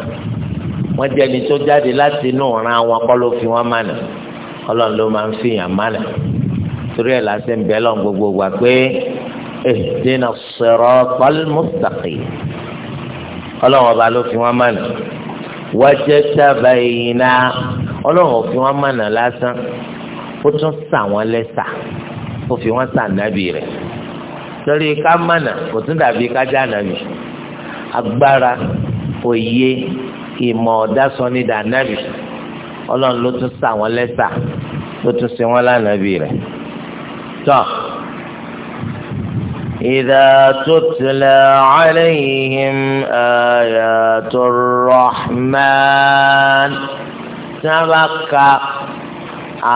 A: wọ́n jẹ́ ẹni tó jáde láti inú ọ̀ràn wọn kọ́ ló fi wọ́n mànà ọlọ́run ló máa ń fi yàn mànà torí ẹ̀ lásìkò bẹ́ẹ̀ lọ́n gbogbo gbà pé ihdina siratal mustaqim ọlọ́run ọba ló fi wọ́n mànà wajtabayna ọlọ́run ò fi wọ́n mànà lásán ó tún sà wọ́n lẹ́sà ó fi wọ́n sà nábì rẹ̀ torí ká mànà kò tún dàbí ká já agbára òye ìmọ̀ ọ̀dá sọ ní dànàbì ọlọ́run ló tún sà wọ́n lẹ́sà ló tún ṣe wọ́n lánàbì rẹ̀ tọ́ ìdá tó tilẹ̀ alayhim ayatul rahman tí wọ́n bá ka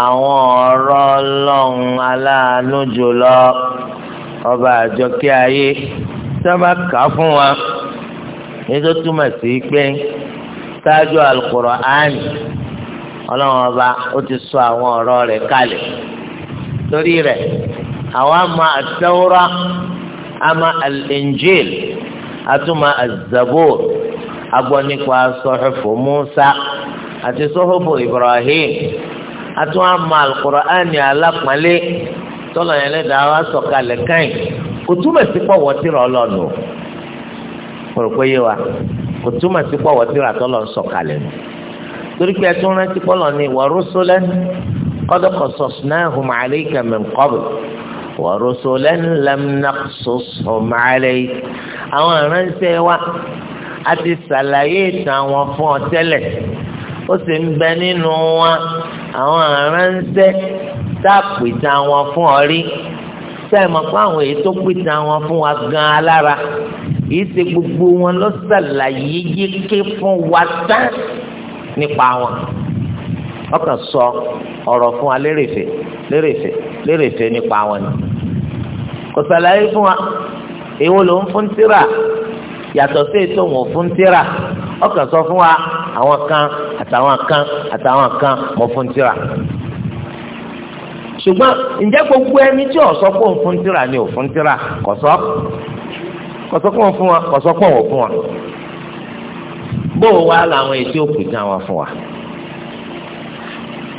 A: àwọn ọ̀rọ̀ ọlọ́run aláàánú jùlọ ọba àjọkẹ́ ayé tí wọ́n bá kà á fún wa ní tó túmọ̀ sí pé ṣáájú Al-Qur'ani ọlọ́run ọba ó ti sọ àwọn ọ̀rọ̀ rẹ̀ kalẹ̀ torí rẹ̀ àwọn ama àtẹwúrọ ama al-Injil àtúmọ̀ az-Zabur agbọ́nipa sọ́hùfù Musa àti sọ́hùfù Ibrahim àtúmọ̀ ama Al-Qur'ani alápọ̀nlé tọ́lọ̀ yẹn lẹ́dàá wa sọ̀kalẹ̀ káyìn kò túmọ̀ sí pọ̀ wọ́n rọ̀ lọ́nu kò rò pé wa kò túmọ̀ sí pọ̀ wọ́n tíra tọ́lọ̀ ń sọ̀kalẹ̀ nù torí pé ẹtún rántí pọ́lọ̀ ni wa rusulan qad qasasnahum alayka min qabl wa rusulan lam naqsushum àwọn aránṣẹ́ wa a ti ṣàlàyé ìtàn wọn fún ọ tẹ́lẹ̀ ó sì ń bẹ nínú wa àwọn aránṣẹ́ táàpù ìtàn wọn fún ọ rí sẹ́ẹ̀ mọ̀ pé àwọn èyí tó pèsè àwọn fún wa gan alára kì í ṣe gbogbo wọn lọ ṣàlàyé yéké fún wa tán nípa wọn ọkàn sọ ọ̀rọ̀ fún wa lérèfé lérèfé lérèfé nípa wọn ni kò ṣàlàyé fún wa èwo ló ń fún tíra yàtọ̀ sí ètò òun fún tíra ọkàn sọ fún wa àwọn kan àtàwọn kan àtàwọn kan mọ̀ fún tíra ṣùgbọ́n ǹjẹ́ gbogbo ẹni tí ò sọ fún fún tíra ni ò fún tíra kò sọ fún fún wa kò sọ fún wọn fún wa bó o wá làwọn ètò òkú tí àwọn fún wa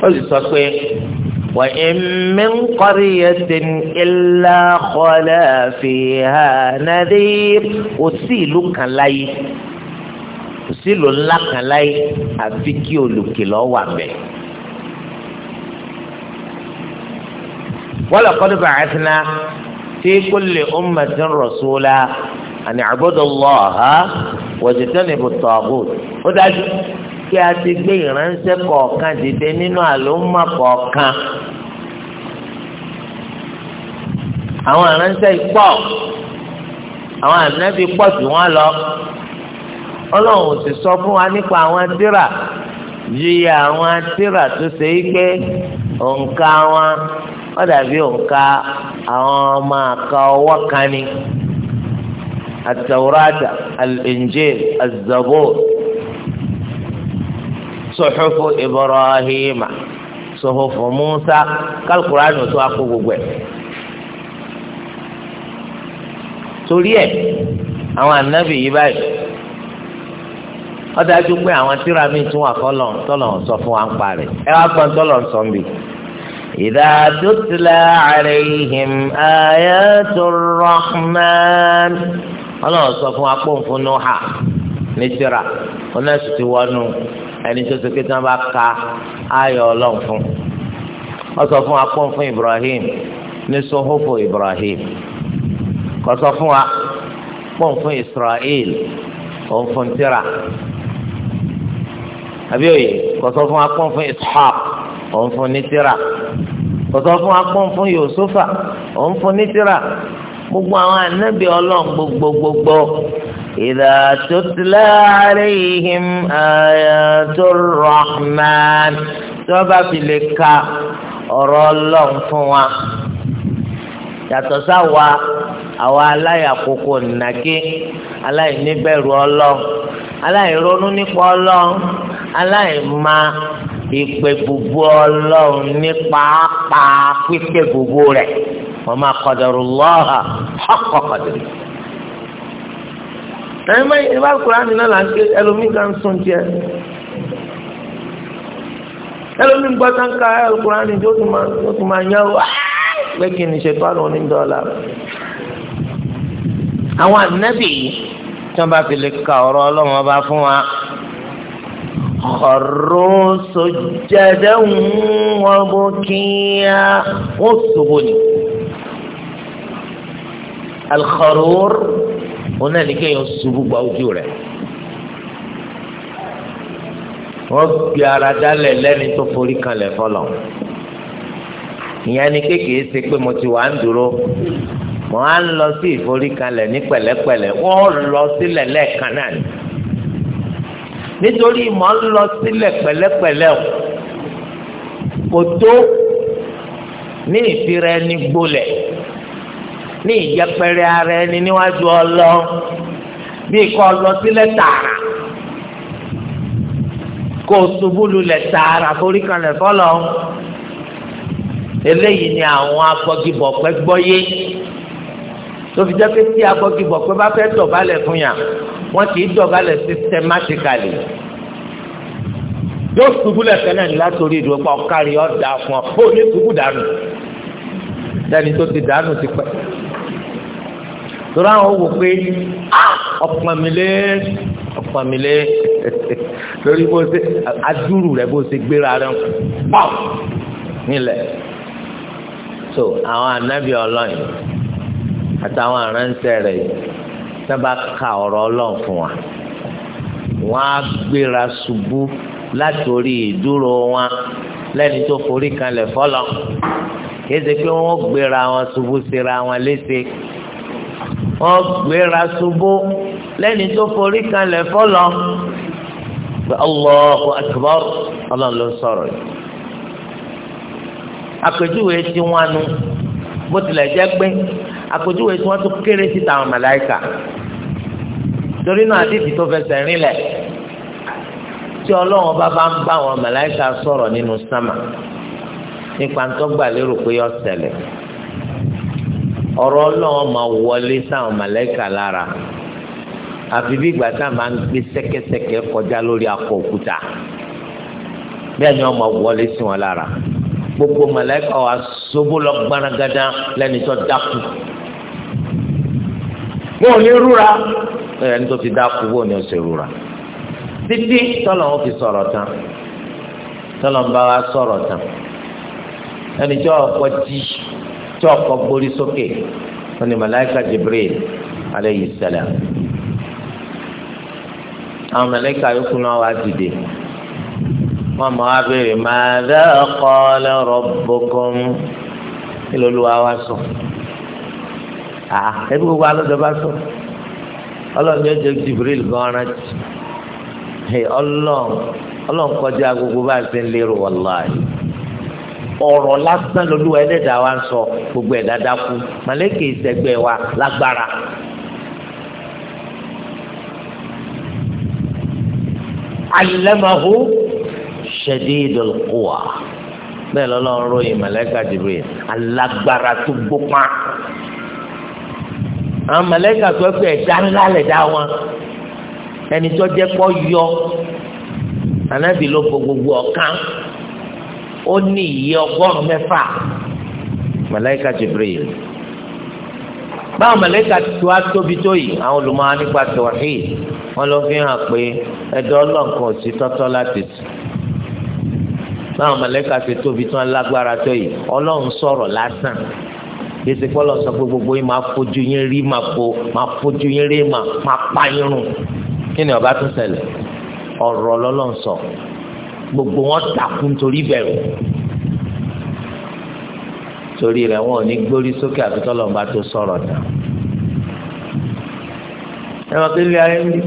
A: ó sì sọ pé wà ẹ̀mí ń kọ́rí ẹsẹ̀ ńlá kọ́lá fi nàdí kò sí ìlú kan láyé kò sí ìlú ńlá kan láyé àfi kí olùkìlọ̀ wà bẹ́ẹ̀. walaqad ba'athna fi kulli ummatin rasula àní a'budu Allaha wajtanibu at-taghut ó dájú kí a ti gbé ìránṣẹ́ kọ̀ọ̀kan dìde nínú àlùmọ́ kọ̀ọ̀kan àwọn ìránṣẹ́ pọ̀ àwọn ànábì pọ̀ jù wọ́n lọ ọlọ́run ò sì sọ fún wa nípa àwọn tírà yíyá àwọn tírà tó ṣe é gbé òǹkà wọn wọ́n dàbí òǹkà àwọn ọmọ àka ọwọ́ kan ni àtàwùrádà al-injil az-zabur sọ̀hófó ibrahima sọ̀hófó musa kálukùránì tó akó gbogbo ẹ̀ torí ẹ̀ àwọn ànábì yìí báyìí ó dájú pé àwọn tíra mi tún wà fọlọ́n tọ́lọ̀ sọ fún wa ń parẹ́ ẹ wá gbọ́n tọ́lọ̀ sọ ń bì. إذا تتلى عليهم آيات الرحمن ọlọ́run sọ fún akpọ̀nfún nùhà ní sira wọn náà sì ti wọnú ẹni tó so kéde wọn bá ka ayọ̀ ọlọ́run fún wọn sọ fún akpọ̀nfún Ibrahim ní sọ́hófò Ibrahim kò sọ fún wa akpọ̀nfún Israel ònfún sira àbí òye kò sọ fún akpọ̀nfún Ishaq. òun fún ní tíra kòtò fún akpọ́n fún Yusufa òun fún ní tíra gbogbo àwọn anábì ọlọ́run gbogbogbogbo: ìdá tutla alayhim ayatul rahman tí wọ́n bá fi lè ka ọ̀rọ̀ ọlọ́run fún wa yàtọ̀ sáwa àwa aláyàkókò nàkí aláìníbẹ̀rù ọlọ́run aláìronú nípa ọlọ́run aláìma ìpè gbogbo ọlọ́run ní pàápàá pípé gbogbo rẹ̀ wọ́n máa kọ̀dọ̀rọ̀ lọ́ha ọkọ̀ kọ̀dọ̀rọ̀. ẹ̀yin máa yẹ bá kúrò àmì náà là ń ké ẹlòmíín kan sùn jẹ ẹlòmíín gbọ́ sáńkà ẹlòkúrò àmì tó tún máa yẹ wá pé kí ni ṣe bá lòun àwọn ànábì yìí tí wọ́n bá fi lè ka ọ̀rọ̀ ọlọ́run ọba fún wa kharru sujjadan wa bukiya wọ́n ṣubú ni al-kharur wọn náà ní kéèyàn ṣubú gba ojú rẹ̀ wọ́n gbé ara dálẹ̀ lẹ́ni tó forí kanlẹ̀ fọlọ́ ìyẹn ni kékeré ṣe pé mo ti wà ń dúró mo á ń lọ sí ìforíkanlẹ̀ ní pẹ̀lẹ́pẹ̀lẹ́ wọ́n lọ sílẹ̀ lẹ́ẹ̀kan náà ni nítorí mọ̀ ń lọ sílẹ̀ pẹ̀lẹ́pẹ̀lẹ́ o kò tó ní ìfira ẹni gbolẹ̀ ní ìyẹpẹrẹ ara ẹni níwájú ọlọ bí kò lọ sílẹ̀ tààrà kò ṣubú lulẹ̀ tààrà forí kanlẹ̀ fọlọ́ eléyìí ni àwọn akọgibọ̀pẹ́ gbọ́yé tófi jẹ́ pé tí agbọ́gibọ̀ pé bá fẹ́ dọ̀bálẹ̀ fún yà wọ́n kì í dọ̀bálẹ̀ systematically yóò ṣubú lẹ́sẹ̀ náà látòrí ìdúró pa ọ̀kárí ọ̀dà fún ọ bó ní ṣubú dànù dání tó ti dànù ti pẹ́ tora àwọn wò pé ah, ọ̀pọ̀mìlé ọ̀pọ̀mìlé lórí bó ṣe adúrú rẹ̀ bó ṣe gbéra rẹ̀ pọ̀ nílẹ̀ so àwọn anábìá ọlọ́yin àtàwọn aránṣẹ́ rẹ̀ sábà ka ọ̀rọ̀ Ọlọ́run fún wa wọ́n á gbéra ṣubú látòrí ìdúró wọn lẹ́ni tó forí kanlẹ̀ fọlọ kéde pé wọ́n gbéra wọn ṣubú síra wọn léṣe wọ́n gbéra ṣubú lẹ́ni tó forí kanlẹ̀ fọlọ pé Allahu akbar Ọlọ́run ló ń sọ̀rọ̀ yìí àpèjúwe tí wọ́n nu bó tilẹ̀ jẹ́ pé àpèjúwe tí wọ́n tún kéré sí tàwọn màláìkà torí náà àdéhìí tó fẹsẹ̀ rinlẹ̀ tí ọlọ́run ọba bá ń bá àwọn màláìkà sọ̀rọ̀ nínú sámà nípa ń tọ́gbà lérò pé yọ ṣẹlẹ̀ ọ̀rọ̀ ọlọ́run máa wọlé sáwọn màláìkà lára àfi bí ìgbà tá a máa ń gbé sẹ́kẹ́sẹ́kẹ́ kọjá lórí akọ òkúta bẹ́ẹ̀ ni wọ́n máa wọlé sí wọn lára gbogbo mọ̀lẹ́kà wa ṣubú lọ gbaragada lẹ́ni tó dákú
B: wọn ò ní rúra
A: ẹni tó ti dákú wọn ò ní ṣe rúra títí tọ́lọ̀ wọn fi sọ̀rọ̀ tán tọ́lọ̀ ń bá wa sọ̀rọ̀ tán ẹni tí ọkọ jí tí ọkọ gbórí sókè wọn ni Jibril aleyhi salam àwọn mọ̀lẹ́kà yòókù náà wá dìde wọn mọ abèrè màdà qala rabbukum kí lóluwà wá sọ ẹbí gbogbo alódò bá sọ ọlọ́run yóò jẹ jibril gan rántí ọlọ́run ọlọ́run kọjá gbogbo bá a ti ń lérò wàláyé ọ̀rọ̀ lásán lolúwa ẹlẹ́dàá wa ń sọ gbogbo ẹ̀dá dákú màlẹ́kì ìsẹ̀gbẹ́ wa lágbára. alẹ́mọ̀hó shadidul quwa bẹ́ẹ̀ lọ́lọ́run ròyìn màláíkà Jibril alágbára tó gbópọn àwọn màláíkà tó ẹgbẹ́ ẹ̀dá ńlá lẹ̀ dá wọn ẹni tó jẹ́ pọ́ yọ ànábì ló fo gbogbo ọ̀kan ó ní ìyẹ́ ọgọ́rùn mẹ́fà màláíkà Jibril báwo màláíkà tó a tóbi tó yìí àwọn olùmọ̀ nípa tawhid wọn ló fi hàn pé ẹ̀dọ́ ọlọ́nkan ò sí tọ́tọ́ láti sùn báwọn mọ̀lẹ́kà ṣe tóbi tí wọ́n lágbára tó yìí ọlọ́run sọ̀rọ̀ lásán yéésì kọ́lọ̀ sọ pé gbogbo yín máa fojú yín rí máa po máa fojú yín rí máa máa pa yín rùn kí ni ọba tún ṣẹlẹ̀ ọ̀rọ̀ ọlọ́run sọ gbogbo wọn takú nítorí bẹ̀rù torí rẹ̀ wọn ò ní gbórí sókè àti tọ́lọ́mùbá tó sọ̀rọ̀ náà ẹ̀rọ tó lé ayé ń bí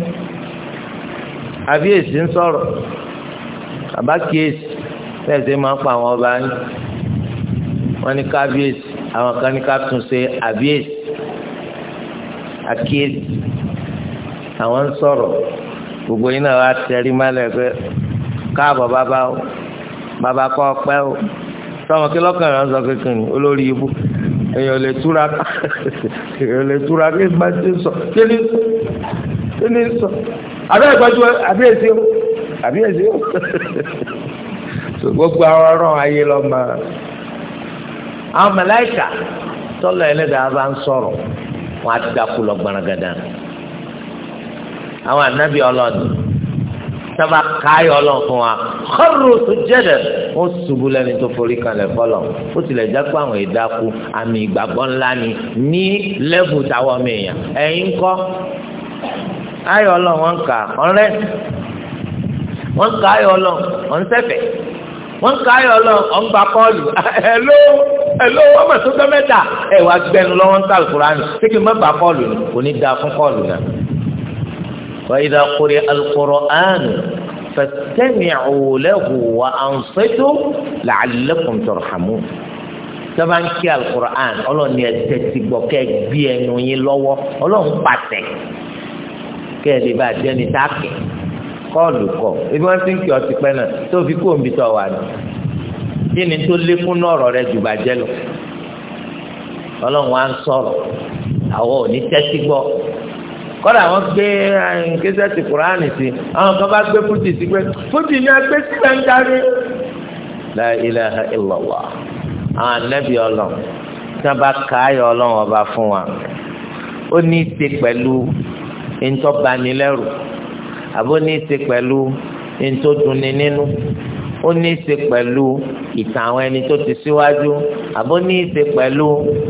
A: àbí èsì ń sọ̀rọ̀ àbá kí èsì tẹ̀sí máa ń pa àwọn ọba yín wọ́n ní kábíyèsí àwọn kan ní ká tún ṣe àbíyèsí àkíyèsí àwọn ń sọ̀rọ̀ gbogbo yín náà wá tẹ̀rí mọ́lẹ̀ pé káàbọ̀ bàbá o bàbá kọ́ pẹ́ o sọ̀rọ̀ kí lọ́kàn rẹ̀ ń sọ kékeré ni olórí ibú èèyàn lè túra èèyàn lè túra kí n bá ti sọ kí ni sọ àbí ẹ̀gbọ́n ju o àbí o. gbogbo àwọn ọ̀rọ̀ ayé lọ mọ àwọn mẹláìkà tọlọ Ẹlẹ́dàá bá ń sọ̀rọ̀ wọn àti dàkú lọ gbaragada àwọn anabi ọlọdún sábà káyọ Ọlọ́run fún wa kọrù tó jẹdẹ wọn ṣubú lẹni tó forí kalẹ̀ fọlọ ó tilẹ̀ jẹ́ pé àwọn ìdáku àmì ìgbàgbọ́ ńlá ni ní lẹ́bù táwọn ọmọ èèyàn ẹ̀yin kọ́ ayọ̀ Ọlọ́run wọn kà ọ̀rẹ́ wọn kà ayọ̀ Ọlọ́run ọ̀nsẹ̀fẹ̀ wọ́n ká ayọ̀ lọ ọ̀n gba kọ́ọ̀lù ẹ̀ló ẹ̀ló wọ́n mọ̀ tó gbẹ́ mẹ́ta ẹ̀ wá gbẹnu lọ́wọ́ ń kàlù kúránì pé kí n má gba kọ́ọ̀lù ni kò ní da fún kọ́ọ̀lù náà. wa idha quri al-Qur'an fastami'u wa ansitu la'allakum turhamun sábà ń kí alukur'an ọlọ́run ni ẹsẹ̀ ti gbọ́ kọ́ọ̀lù kọ̀ ebi wọ́n ti ń kí ọ ti pẹ́ náà tó fi kó omi tọ̀ wá ní. kí ni tó lékún náà ọ̀rọ̀ rẹ jù bàjẹ́ lọ ọlọ́run á ń sọ̀rọ̀ àwọn ò ní tẹ́tí gbọ́ kọ́dà àwọn gbé eh, késẹ́tì kúránì sí àwọn kan bá gbé fújì sí pé fújì ni a gbé sílẹ̀ ń darí. la ilaha illallah àwọn anabi ọlọ́run tí wọ́n bá ka ayọ̀ ọlọ́run ọba fún wa ó ní í ṣe pẹ̀lú ntọ́banilẹ́rù àbó ní í ṣe pẹ̀lú ntòdùnni nínú ó ní í ṣe pẹ̀lú ìtàn àwọn ẹni tó ti síwájú àbó ní í ṣe pẹ̀lú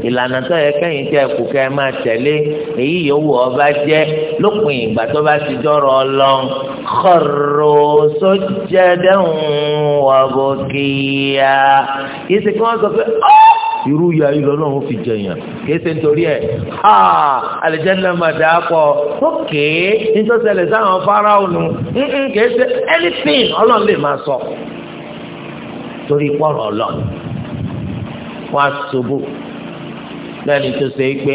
A: ìlànà tó yẹ kẹ́yìn tí ẹ kù kẹ́ ẹ máa tẹ̀lé èyí yòówù ọba jẹ́ lópin ìgbà tó bá ti dọ́rọ̀ ọlọ́run kọ̀rọ̀ sójẹ́dẹ́hùn wàbọ̀kìyà kì í ṣe kí wọ́n sọ pé ó irú ya yìí lọ́lọ́run fi jẹyàn kìí ṣe nítorí ẹ̀ ha alìjẹ́nà màdà pọ̀ ókè nítòsẹ̀lẹ̀ sáwọn fáráò nù kìí ṣe anything ọlọ́run lè máa sọ torí pọ̀rọ̀ ọlọ́run wọ́n á ṣubú lẹ́ni tó ṣe é pé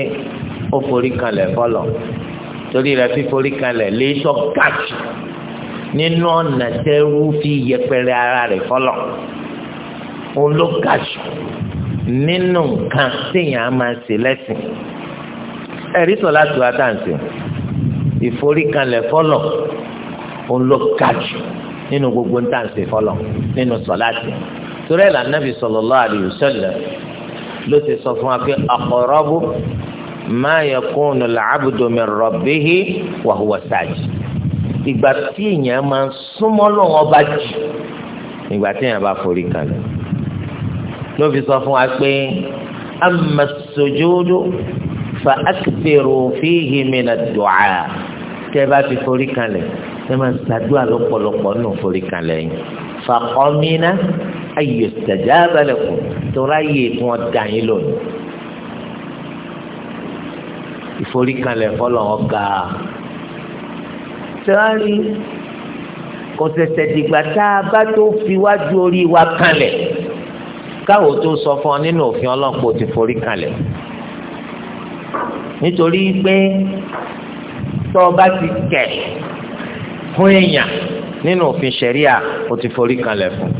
A: ó forí kalẹ̀ fọlọ̀ torí rẹ̀ fi forí kalẹ̀ lé sọ́gàjì nínú ọ̀nà tẹ́rú fi yẹpẹrẹ ara rẹ̀ fọlọ̀ òun ló gàjù nínú nǹkan téèyàn á máa ṣe lẹ́sìn ẹ̀rí sọ láti wá dáǹsì ìforíkanlẹ̀ fọlọ̀ òun ló ga jù nínú gbogbo dáǹsì fọlọ̀ nínú sọ̀láàtì torí ẹ̀ lànàbì sallallahu alaihi wasallam ló ti sọ fún wa pé aqrabu ma yakunu al-abdu min rabbihi wa huwa sajid ìgbà tí èèyàn máa súnmọ́ lọ́wọ́ bá jù ìgbà tí èèyàn bá forí kanlẹ̀ ló fi sọ fún wa pé amma as-sujudu fa akbiru fihi min ad-du'a tẹ́ bá ti forí kalẹ̀ ẹ máa ṣàdúrà lọ́pọ̀lọpọ̀ nù forí kalẹ̀ yìí fàkọ́mínà ayò ṣẹ̀dá abalẹ̀kùn tóra yè kí wọ́n dà yín lónìí. ìforíkalẹ̀ fọlọ́ ọ̀gá sọ́ọ́rì kò ṣẹ̀ṣẹ̀ dìgbà tá a bá tó fi wájú orí wa kalẹ̀ káwọ tó sọ fún ọ nínú òfin ọlọ́pàá ti forí kalẹ̀ nítorí pé tó o bá ti kẹ̀ fún èèyàn nínú òfin ṣẹ̀ríà o ti forí kalẹ̀ fún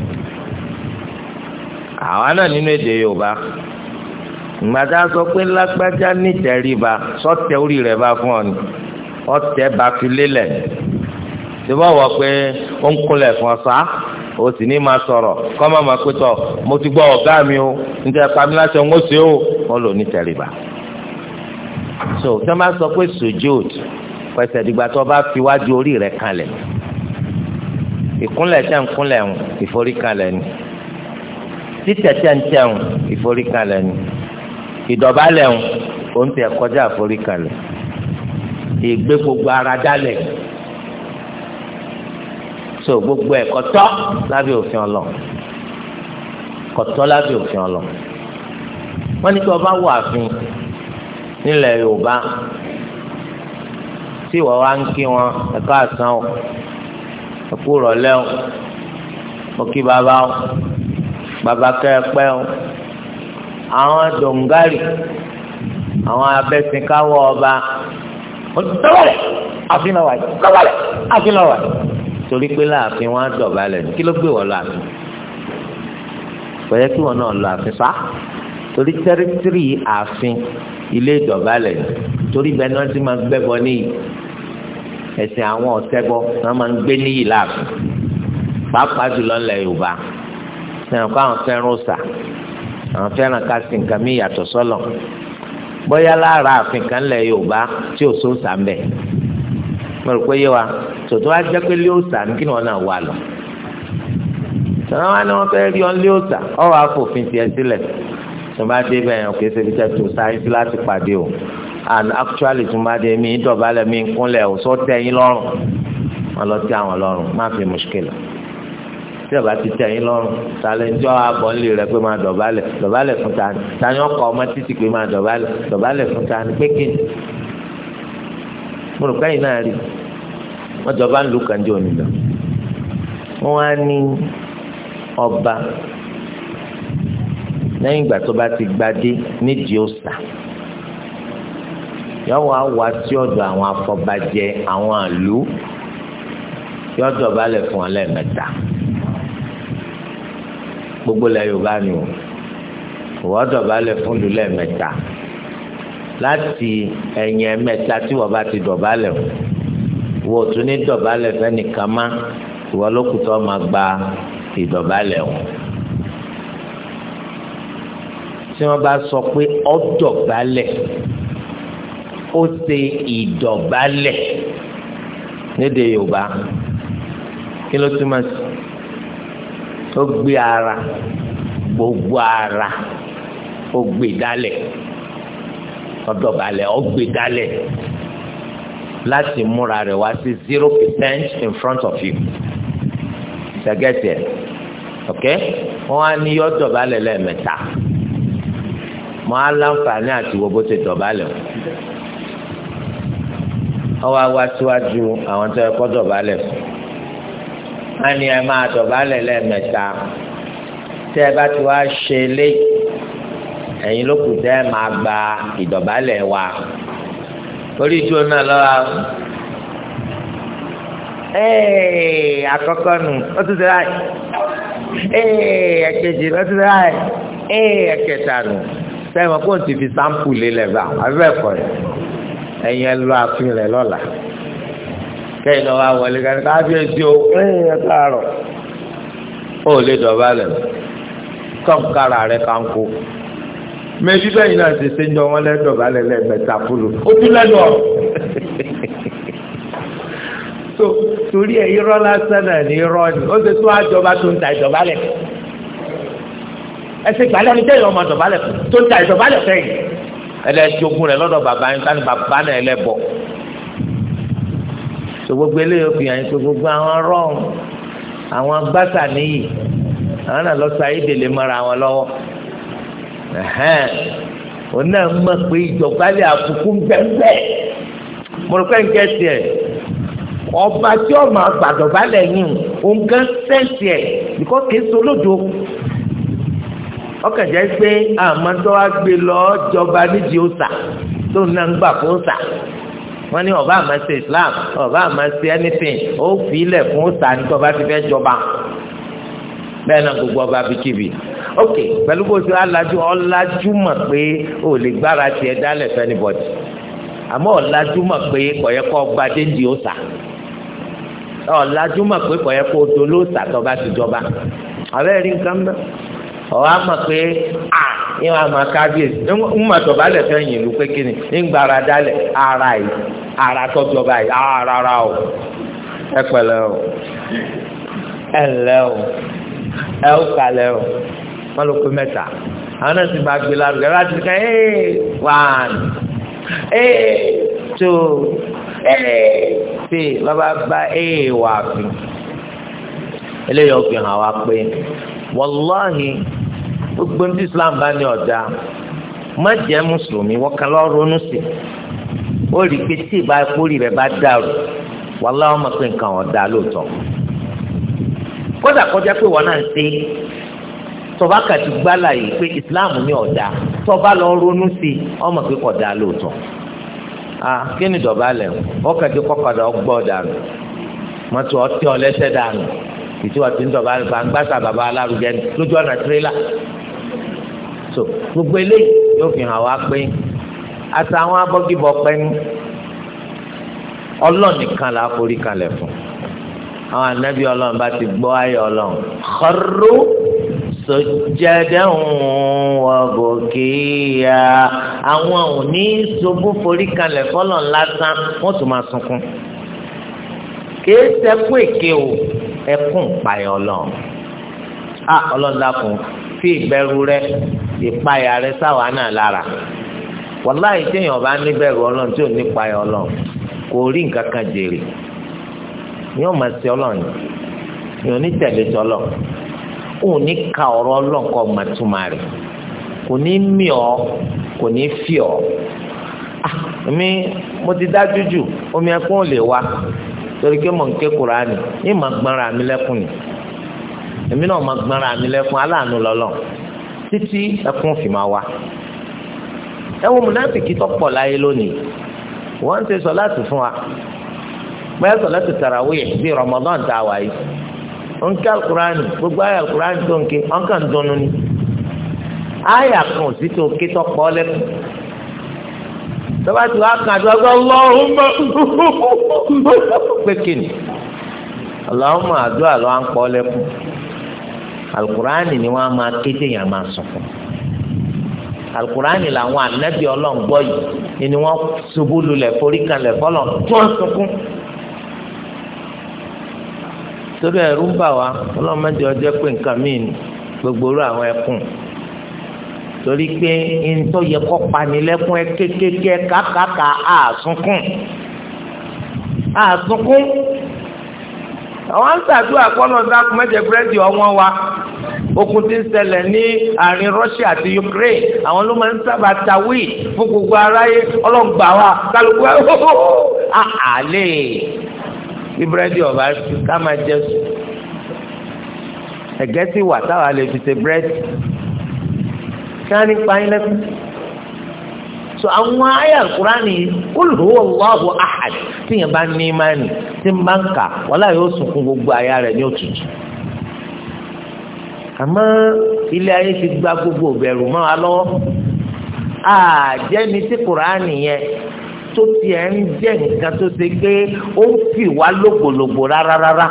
A: àwa náà nínú èdè Yorùbá ìgbàdá sọ pé lágbájá nìtẹríba sọtẹ orí rẹ̀ bá fún ọ ni ọtẹ bá fi lélẹ̀ ṣé wọ́n wọ pé ó ń kúnlẹ̀ fún ọ sáà o sì ní máa sọ̀rọ̀ kọ́ máa máa pé tọ̀ mo ti gbọ́ ọ̀gá mi o níta ẹ̀ka mi láti ọ̀hún ó ṣe o wọ́n lò ní tẹ̀rìbà. so tí wọ́n bá sọ pé sojúd pẹ̀sẹ̀ dìgbà tó bá fi wájú orí rẹ̀ kanlẹ̀ ìkúnlẹ̀ tẹ̀ ń kúnlẹ̀ ń ìforíkanlẹ̀ ni títẹ̀ tẹ̀ ń tẹ̀ ń ìforíkanlẹ̀ ni ìdọ̀bálẹ̀ ń òun tẹ̀ kọjá ìforíkanlẹ̀ ìgbé gbogbo ara dálẹ̀ so gbogbo ẹ̀ kọ́tọ́ lábẹ́ òfin ọlọ́ kọ́tọ́ lábẹ́ òfin ọlọ́ wọ́n ní kí ọba wọ ààfin nílẹ̀ Yorùbá tí ìwọ wá ń kí wọn ẹ̀ka àsán o ẹ̀kú rọ̀lẹ́ o mo kí bàbá o bàbá kẹ́ẹ̀pẹ́ o àwọn dòǹgárì àwọn abẹ́sìnkáwọ́ ọba ó ti tẹ́wọ́lẹ̀ àfin náà wáyé tẹ́wọ́lẹ̀ àfin náà wáyé torí pé láàfin wọn á dọ̀bálẹ̀ kí ló gbé wọn láàfin pẹ̀lẹ́ kí wọn náà lọ àfin fa torí tẹ́rítírì àfin ilé ìdọ̀bálẹ̀ torí bẹ́ẹ̀ náà ti máa gbẹ́bọ níyì ẹ̀sìn àwọn ọ̀sẹ́bọ náà máa ń gbé níyì láàfin pàápàá jùlọ ńlẹ̀ Yorùbá sẹ́yìn kó àwọn fẹ́ràn ọ̀sà àwọn fẹ́ràn ká sí nǹkan mí ìyàtọ̀ sọ́lọ̀ bóyá lára àfin kan ńlẹ̀ Yorùbá tí ò sóòsà ń mo rò pé yé wa tòtò wá jẹ́ pé lé ní kí ni wọ́n náà wà lọ. sọ̀rọ̀ wá ní wọ́n fẹ́ rí ọ lé ọ wàá fòfin tiẹ̀ sílẹ̀ tó dé bẹ́ẹ̀ sáyẹ́nsì láti pàdé o and actually tó dé mi dọ̀bálẹ̀ mi kúnlẹ̀ ò sọ tẹ́ yín lọ́rùn wọn lọ tẹ́ àwọn lọ́rùn má fi mùṣkílà tí ọba ti tẹ́ yín lọ́rùn tàlẹ́ ń jọ́ abọ́ nílé rẹ pé máa ta ni ta ni pé kí mo wọ́n jọba ń lu kànjọ nìlọ wọ́n wá ní ọba lẹ́yìn ìgbà tó bá ti gbadé nídìí òòsà yóò wá wá sí ọ̀dọ̀ àwọn afọbajẹ àwọn àlù yóò dọ̀bálẹ̀ fún wọn lẹ́ẹ̀mẹ́ta gbogbo lẹ Yorùbá ni o wọ́n dọ̀bálẹ̀ fún ìlú lẹ́ẹ̀mẹ́ta láti ẹ̀yìn ẹ̀mẹ́ta tí wọ́n bá ti dọ̀bálẹ̀ fún wọ́n tún ní dọ̀bálẹ̀ fẹ́nìkan má ìwọ lókùtọ́ máa gba ìdọ̀bálẹ̀ wọn. tí wọ́n bá sọ pé ó dọ̀bálẹ̀ ó ṣe ìdọ̀bálẹ̀ lédè Yorùbá kí ló túmọ̀ sí ó gbé ara gbogbo ara ó gbé dálẹ̀ ó ó gbé dálẹ̀ láti múra rẹ̀ wá sí zero percent in front of you ṣẹgẹtì ẹ ok wọn á ní yọ dọ̀bálẹ̀ lẹ́ẹ̀mẹ́ta mọ aláǹfààní àti wo bó ti dọ̀bálẹ̀ o ọwọ́ awa síwájú àwọn tó yẹ kó dọ̀bálẹ̀ á ní ẹ máa dọ̀bálẹ̀ lẹ́ẹ̀mẹ́ta tẹ́ ẹ bá ti wá ṣe lé ẹ̀yin ló kù tẹ́ ẹ máa gba ìdọ̀bálẹ̀ wa orí ìjọ náà lọ́wọ́ ee àkọ́kọ́ nù ó tún ti ra ee ẹ̀kejì ó tún ti ra ee ẹ̀kẹta nù sẹ́yìn wọn kò ti fi sáǹpù lélẹ̀ bá abẹ́ ẹ̀kọ́ yẹn ẹ̀yin ẹ lọ àfin rẹ̀ lọ́la kẹ́yìn lọ́wọ́ àwọlé kan káfíńsì o ee ẹ káàárọ̀ ó lè dọ̀bálẹ̀ kọ́ńkàrà rẹ̀ kankó mẹbi bẹyìí náà ṣe ṣe ń jọ wọn lẹdọ balẹ lẹẹmẹta fúlù ojú lẹdọ so torí ẹ irọ́ lásán náà ní irọ́ ni ó ṣe tún àjọba tó ń ta ìjọba lẹ ẹsẹ gbalẹ ní tẹyọ ọmọ ìjọba lẹ tó ń ta ìjọba lẹ fẹyìn ẹlẹjogun rẹ lọ́dọ̀ bàbá yín tani bàbá náà ẹlẹbọ so gbogbo eléyìí fi hàn yín so gbogbo àwọn rọrùn àwọn gbàtà níyì àwọn náà lọ òun náà mọ̀ pé ìjọ̀gbálẹ̀ àbùkù ń bẹ́ẹ̀ mo rò pé ń kẹ́ tiẹ̀ ọba tí ọmọ àgbàdọ̀bálẹ̀ yìí nǹkan sẹ́ǹsì ẹ̀ nìkan kìí solódo ọkàn jẹ́ pé àmọ́tọ́ wa gbé lọ jọba nídìí òòsà tó ń náà gbà fún òòsà wọ́n ní ọba àmọ́ ṣe Islam ọba àmọ́ ṣe anything ó fi ilẹ̀ fún òòsà ní tọ́ba ti fẹ́ jọba bẹ́ẹ̀ náà gbogbo ọba bíkíbi ok pẹ̀lú bó ti alájú ọlájú mọ̀ pé o lè gbára tiẹ̀ dálẹ̀ fẹ́ni bọ̀dì àmọ́ ọlájú mọ̀ pé kọ̀yẹ́ kọ́ gba déńdì ó sà ọlájú mọ̀ pé kọ̀yẹ́ kó dolo sà tọ́ba ti jọba àbẹ́ rí nǹkan mọ́ ọ̀hà mọ̀ pé à ń wà má kábíyèsí ń mọ̀ tọ́ba lẹ̀ fẹ́ yìn lù pé kíni ń gbára dálẹ̀ ara yìí ara tọ́jọba yìí ara ara o ẹ pẹ̀lẹ́ o ẹ lẹ́ o ẹ ó kalẹ̀ o wọ́n ló pé mẹ́ta àwọn náà sì máa gbé lárugẹ láti ká ee one ee two ee three bàbá bá ee wà fi eléyìí ó fi hàn wá pé wàláhì gbogbo ní Islam bá ní ọ̀dà má jẹ́ mùsùlùmí wọ́n kan lọ́ ronú sí ó rí i pé tí ìbá kórì rẹ̀ bá dàrú wàláhì ọmọ pé nǹkan ọ̀dà lóòótọ́ kódà kọjá pé wọn náà ń ṣe tọba kàti gbálà yìí pé islam ní ọ̀dà tọba lọ ronú sí ọmọ pé kọ̀dà lóòótọ́ ah kí ni dọ̀bálẹ̀ ọkàtí kọ́kọ́dà ọgbọ́ dànù mọ́tò ọtí ọlẹ́sẹ̀ dànù ìtí wọ́n ti ń dọ̀bálẹ̀ gbangbàsà bàbá alárugẹ lójú ọ̀nà tirẹ́là so gbogbo eléyìí yóò fi hàn wá pé àtàwọn abọ́gibọ̀ pẹ́ ní ọlọ́ọ̀nìkan là á forí kalẹ̀ fún un àwọn anabi ọlọ́run bá ti gbọ́ ayọ̀ ọlọ́run kharru sujjadan wa bukiya àwọn ò ní ṣubú forí kanlẹ̀ fọlọ́n lásán wọ́n tún máa sunkún kìí sẹ́kún èké o ẹkún ìpayà ọlọ́run a ọlọ́run dákun fi ìbẹ̀rù rẹ ìpayà rẹ sáwà náà lára wàláhì téèyàn bá níbẹ̀rù ọlọ́run tí ò ní ìpayà ọlọ́run kò rí nǹkan kan jèrè yóò máa ṣe ọlọ́run yóò ní tẹ̀lé tọ́lọ̀ ò ní ka ọ̀rọ̀ ọlọ́kọ̀ màtúmá rẹ̀ kò ní mí ọ kò ní fì ọ ah, mi mo ti dá jújù omi ẹkún ò lè wá torí pé mò ń ké kuraani ní ma gbọ́nra mi lẹ́kún ni èmi náà ma gbọ́nra mi lẹ́kún aláàánú lọ́lọ́ títí ẹkún fi máa wá ẹ wo mùnáfìkì tó pọ̀ láyé lónìí wọ́n ń ṣe sọ láti fún wa bóyá sọ̀látù tàràwíyà bíi Ramadan tá a wà yìí nǹkan alukurani gbogbo ayé alukurani tó ń ké ọ̀nkàn dunu ni ayé àkàn òsì tó ké tó pọ̀ lẹ́kùn tọ́ba tí wàá kàn tó ọgbà Allahumma pé kìnnì Allahumma àdúrà ló ń pọ̀ lẹ́kùn alukurani ni wọ́n á máa kéde yẹn máa sùn fún alukurani làwọn anabi ọlọ́ngbọ́ yìí ni wọ́n ṣubú lulẹ̀ forí lẹ̀ fọlọ́ tó ń sunkún torí ẹ̀rù ń bà wá ọlọ́run má jẹ́ ọjọ́ pé nǹkan míì ni gbogbo orú àwọn ẹkùn torí pé ntọ́ yẹ kọ́ panilẹ́kùn ẹ kékeré kàkàkà àsunkún àsunkún àwọn ń ṣàdúrà kọ́nà dákú mẹ́jẹ búrẹ́dì ọwọ́n wa okun ti ń ṣẹlẹ̀ ní àárín Russia àti Ukraine àwọn ló máa ń sábà ta wíì fún gbogbo aráyé ọlọ́ngbà wa kálukú ẹ̀ hóhóhó àhàlẹ́ bí búrẹ́dì ọ̀bá ká máa jẹ sùn ẹ̀gẹ́ sì wà táwa lè fi ṣe búrẹ́dì kí wọ́n ní pa yín lẹ́kùn so àwọn àyà kúránì Qul huwa Allahu ahad tíyẹn bá ní imáni tí ń bá ń kà wọ́n láyé ó sunkún gbogbo àyà rẹ̀ ní òtútù àmọ́ ilé ayé ti gba gbogbo ìbẹ̀rù mọ́ wa lọ́wọ́ àjẹni tí kúránì yẹn tó tiẹ̀ ń jẹ́ nǹkan tó ṣe pé ó ń fi wá lògbòlògbò rárá rárá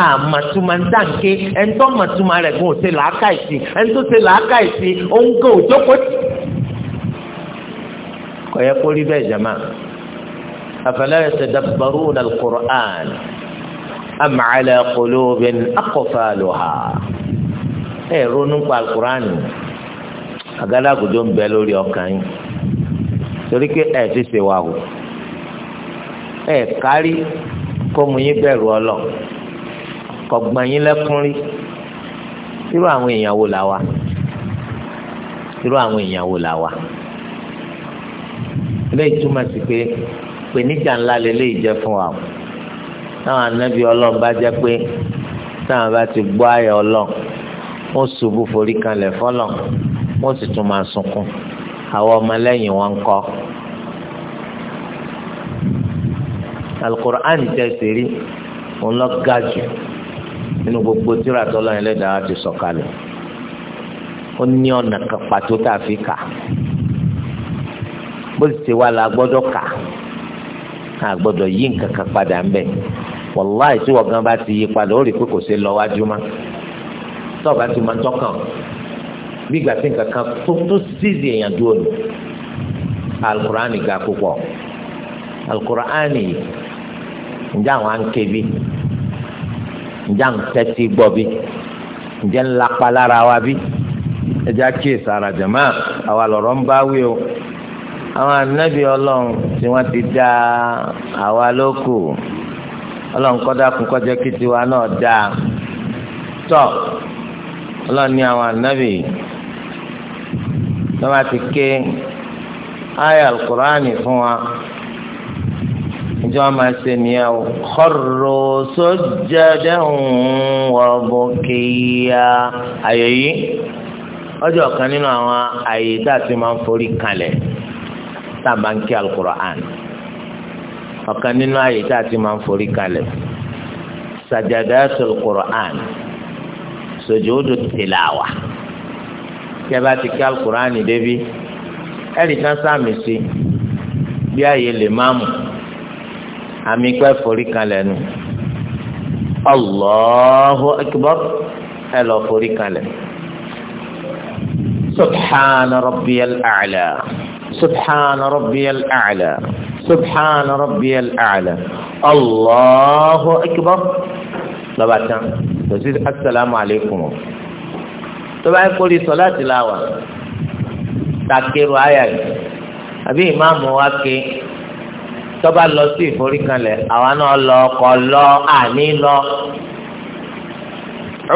A: àmàtúmà ń dànké ẹ̀ńtọ́ màtúmà rẹ̀ gan òṣè làákà ìsì ẹ̀ńtọ́ ṣe làákà ìsì òǹkà òjókòó tì. kọ̀yẹ́ kó rí bẹ́ẹ̀ jama afala yatadabbaruna al-Qur'an am ala qulubin aqfaluha ẹ̀ ronú pa al-Qur'an àgádágodo ń bẹ lórí ọkàn yìí torí pé ẹ ti ṣe wà wò ẹ kárí kó mu yín bẹ̀rù ọlọ kọ̀gbọ́n yín lẹ́kún rí irú àwọn èèyàn wo là wà irú àwọn èèyàn wo là wà eléyìí túmọ̀ sí pé pèníjà ńlá lélẹ́yìí jẹ́ fún wa táwọn anábì ọlọ́run bá jẹ́ pé táwọn bá ti gbọ́ ayọ̀ ọlọ́run wọ́n ṣubú forí kanlẹ̀ fọ́lọ́run wọ́n sì tún máa sunkún àwọn ọmọlẹ́yìn wọn kọ́ alukur'an tẹ̀sí rí wọn lọ ga jù nínú gbogbo tírà tọ́lọ́ yẹn lẹ́dàá ti sọ̀kalẹ̀ ó ní ọ̀nà kan pàtó tá a fi kà bó sì ti wá la gbọ́dọ̀ kà á gbọ́dọ̀ yí nǹkan kan padà ń bẹ̀ wàláì tí wọ́n gan bá ti yí padà ó rí i pé kò sí lọ́wájú má tọ́ọ̀ bá ti máa tọ́kàn bí ìgbà tí nǹkan kan tó ṣíìsì èèyàn dúró ni alukur'ani ga púpọ̀ alukur'ani ǹjẹ́ àwọn ànkẹ́ bí ǹjẹ́ àwọn tẹ́tí gbọ́ bí ǹjẹ́ ńlá wa bí ẹjẹ́ àkíyèsí ara jẹ̀mọ́ àwa lọ̀rọ̀ ń bá wí o àwọn anábì ọlọ́run tí wọ́n ti dá àwa lóko ọlọ́run kọ́dá kún kọjá kí tiwa náà dáa tọ́ ọlọ́run ní àwọn anábì tí wọ́n bá ti ké ayé alukur'ani fún wa ìjọ máa ṣe nìyẹn o kharru sujjadan wa bukiya àyè yìí ọjọ́ kan nínú àwọn àyè tá a ti máa ń forí kalẹ̀ tá a máa ń ké alukur'an ọ̀kan nínú àyè tá a ti máa ń forí kalẹ̀ sajadatul qur'an sujudu tilawa tí a bá ti kí alukurani débi ẹnì kan sáàmì sí bí ààyè lè má mú àmì pẹ́ forí kalẹ̀ nù Allahu akbar ẹ lọ forí kalẹ̀ subhana rabbiyal a'la subhana rabbiyal a'la subhana rabbiyal a'la Allahu akbar lọ́ba tán kò asalaamualeykum tó bá ń kórè sọláàtì la wà takeru àyà yìí àbí ìmáàmù wa ké tó bá lọ sí ìforíkanlẹ̀ àwa náà lọ ọkọ lọ àní lọ.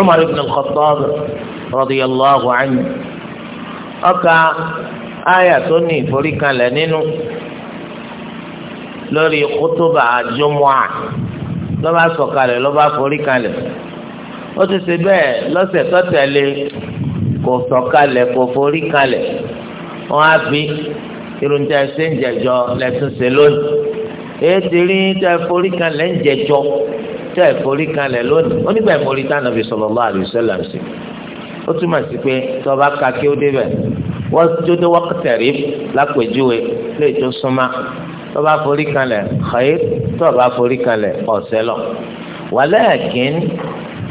A: Umar ibn al-Khattab radiyallahu anhu ọkà àyà tó ní ìforíkanlẹ̀ nínú lórí kútúbà jùmọ̀à ló bá sọ̀kalẹ̀ ló bá foríkanlẹ̀ ó ti ṣe bẹ́ẹ̀ lọ́sẹ̀ tó tẹ̀lé kò sọ̀kalẹ̀ kò forí kalẹ̀ wọ́n á bí irun tẹ ṣe ń jẹjọ lẹ́tún ṣe lónìí ètò rí tẹ forí kalẹ̀ ń jẹjọ tẹ forí kalẹ̀ lónìí onígbà ìmọ̀rí tánà fi sallallahu alaihi wasallam sí ó túmọ̀ sí pé tọba ka kí ó débẹ̀ wọ́n tó dé wákàtẹ̀rí lápèjúwe lè tó súnmá tọba forí kalẹ̀ xayé tọba forí kalẹ̀ ọ̀sẹ̀ lọ wàlẹ́ ẹ̀kín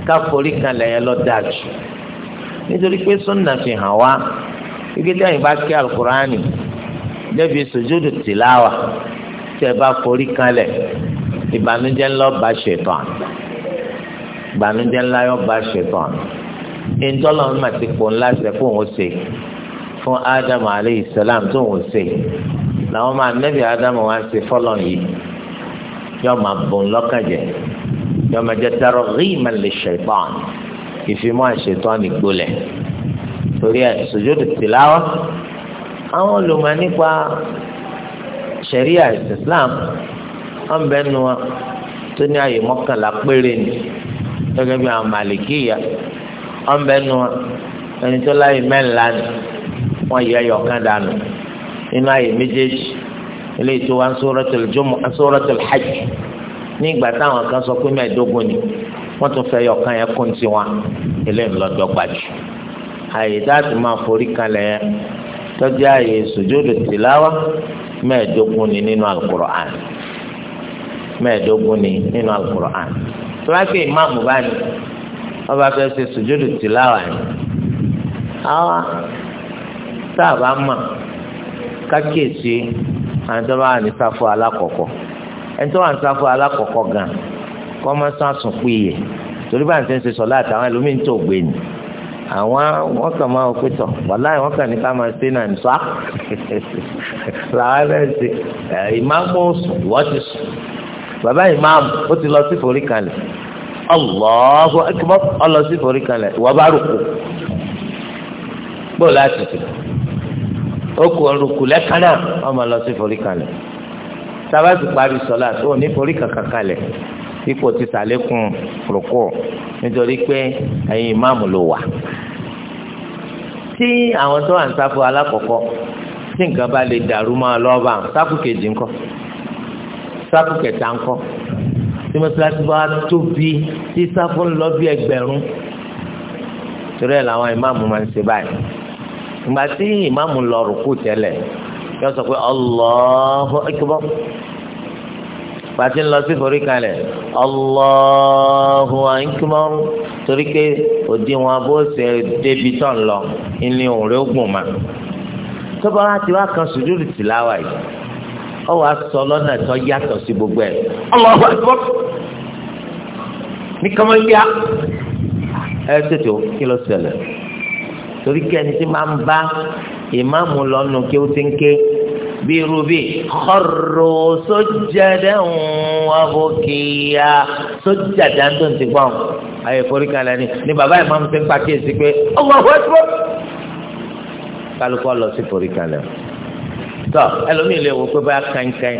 A: ká forí kalẹ̀ yẹn lọ dáa jù nítorí pé sunna fi hàn wá igi tí àyìnbá kí alukurani débi sojúdù tìláwà tẹ bá forí kanlẹ̀ ìbànújẹ́ ńlá ọba ṣetán ìbànújẹ́ ńlá ọba ṣetán ìjọlọ ń màtí pò ńlá ṣe fún òun ṣe fún ádámù aleyhi sàlám tó òun ṣe làwọn máa nẹ́bí ádámù wá ṣe fọlọ́n yìí yọ máa bò ń lọ́kànjẹ́ yọ máa jẹ́ dárò rí ìmọ̀lẹ́ ṣetán ìfimọ́ àṣetán ìgbolẹ̀ torí ẹ̀ sùjúdù tìláwà àwọn olùmọ̀ nípa ṣẹ̀ríà Islam wọ́n bẹ nu wọn tó ní ààyè mọ́kànlá péré ni gẹ́gẹ́ bí àwọn màlìkíyà wọ́n bẹ nu wọn ẹni tó láàyè mẹ́ńlá ni wọ́n yẹ ẹyọ̀kan dànù nínú ààyè méjèèjì eléyìí tó wá ń suratul Hajj ní ìgbà táwọn kan sọ pé mẹ́ẹ̀ẹ́dógún ni. wọ́n tún fẹ́ yọ kán yẹn kún tiwọn eléyìí lọ́dọ̀ gbajù àyè dáàtì máa forí kalẹ̀ yẹn tọ́jú àyè sùjúdù tìláwà ni nínú alukur'an mẹ́ẹ̀ẹ́dógún ni nínú alukur'an tó ìmáàmù báyìí wọ́n bá fẹ́ ṣe yẹn àwa alákọ̀ọ́kọ́ ẹni kọ́mọ sàsùn péye torí bá ń ṣe ń ṣe sọ̀lá àtàwọn ẹlòmíín tó gbé ni àwọn wọn kàn máa wọ pé tọ̀ wàhálà wọn kàn ní ká máa ṣe náà ní sọ́à làwọn ẹ̀ ṣe ìmáàmù sùn ìwọ́ ti sùn bàbá ìmáàmù ó ti lọ sí forí kalẹ̀ Allahu akbar ó sí forí kalẹ̀ ìwọ́ bá rùkù bó láti tì ó kù rùkù lẹ́kànnà ọmọ lọ sí forí kalẹ̀ sábà parí sọ̀lá tó ní forí kankan kalẹ̀ ipò ti sàlékún rúkú nítorí pé ẹ̀yin ìmáàmù ló wà tí àwọn tó wà ń sáfù alákọ̀ọ́kọ́ tí nǹkan bá lè dàrú máa lọ́ọ́bà sáfù kejì ńkọ́ sáfù kẹta ńkọ́ tí mọ́sálásí bá tóbi tí sáfù ńlọ bí ẹgbẹ̀rún torí ẹ̀ làwọn ìmáàmù máa ń ṣe báyìí ìgbà tí ìmáàmù lọ rúkú tẹ́lẹ̀ yọ sọ pé Allahu Akbar pàtí ń lọ sí forí kalẹ̀ Allahu akbar torí pé òdiwọ̀n bó ṣe débi tó ń lọ ilé òun rẹ̀ gùn mà tó bá wá ti wá kan sùjúdù tìláwà yìí ó wàá sọ lọ́nà tó yàtọ̀ sí gbogbo ẹ̀ Allahu akbar ní kọ́mọ́ yá ẹ tètè kí ló ṣẹlẹ̀ torí kí tí máa ń bá ìmáàmù lọ́nu kí ó ti ń ké bí irú bí kharru sujjadan wa bukiya sujjadan tó ń ti gbọ́n ayé foríkalẹ̀ ni ni bàbá yìí máa ń fi ń pàkíyèsí pé ọmọ ọ̀hún ẹ̀tọ́ kálukọ́ lọ sí foríkalẹ̀ tọ́ ẹlòmíì lè wò pé bá kankan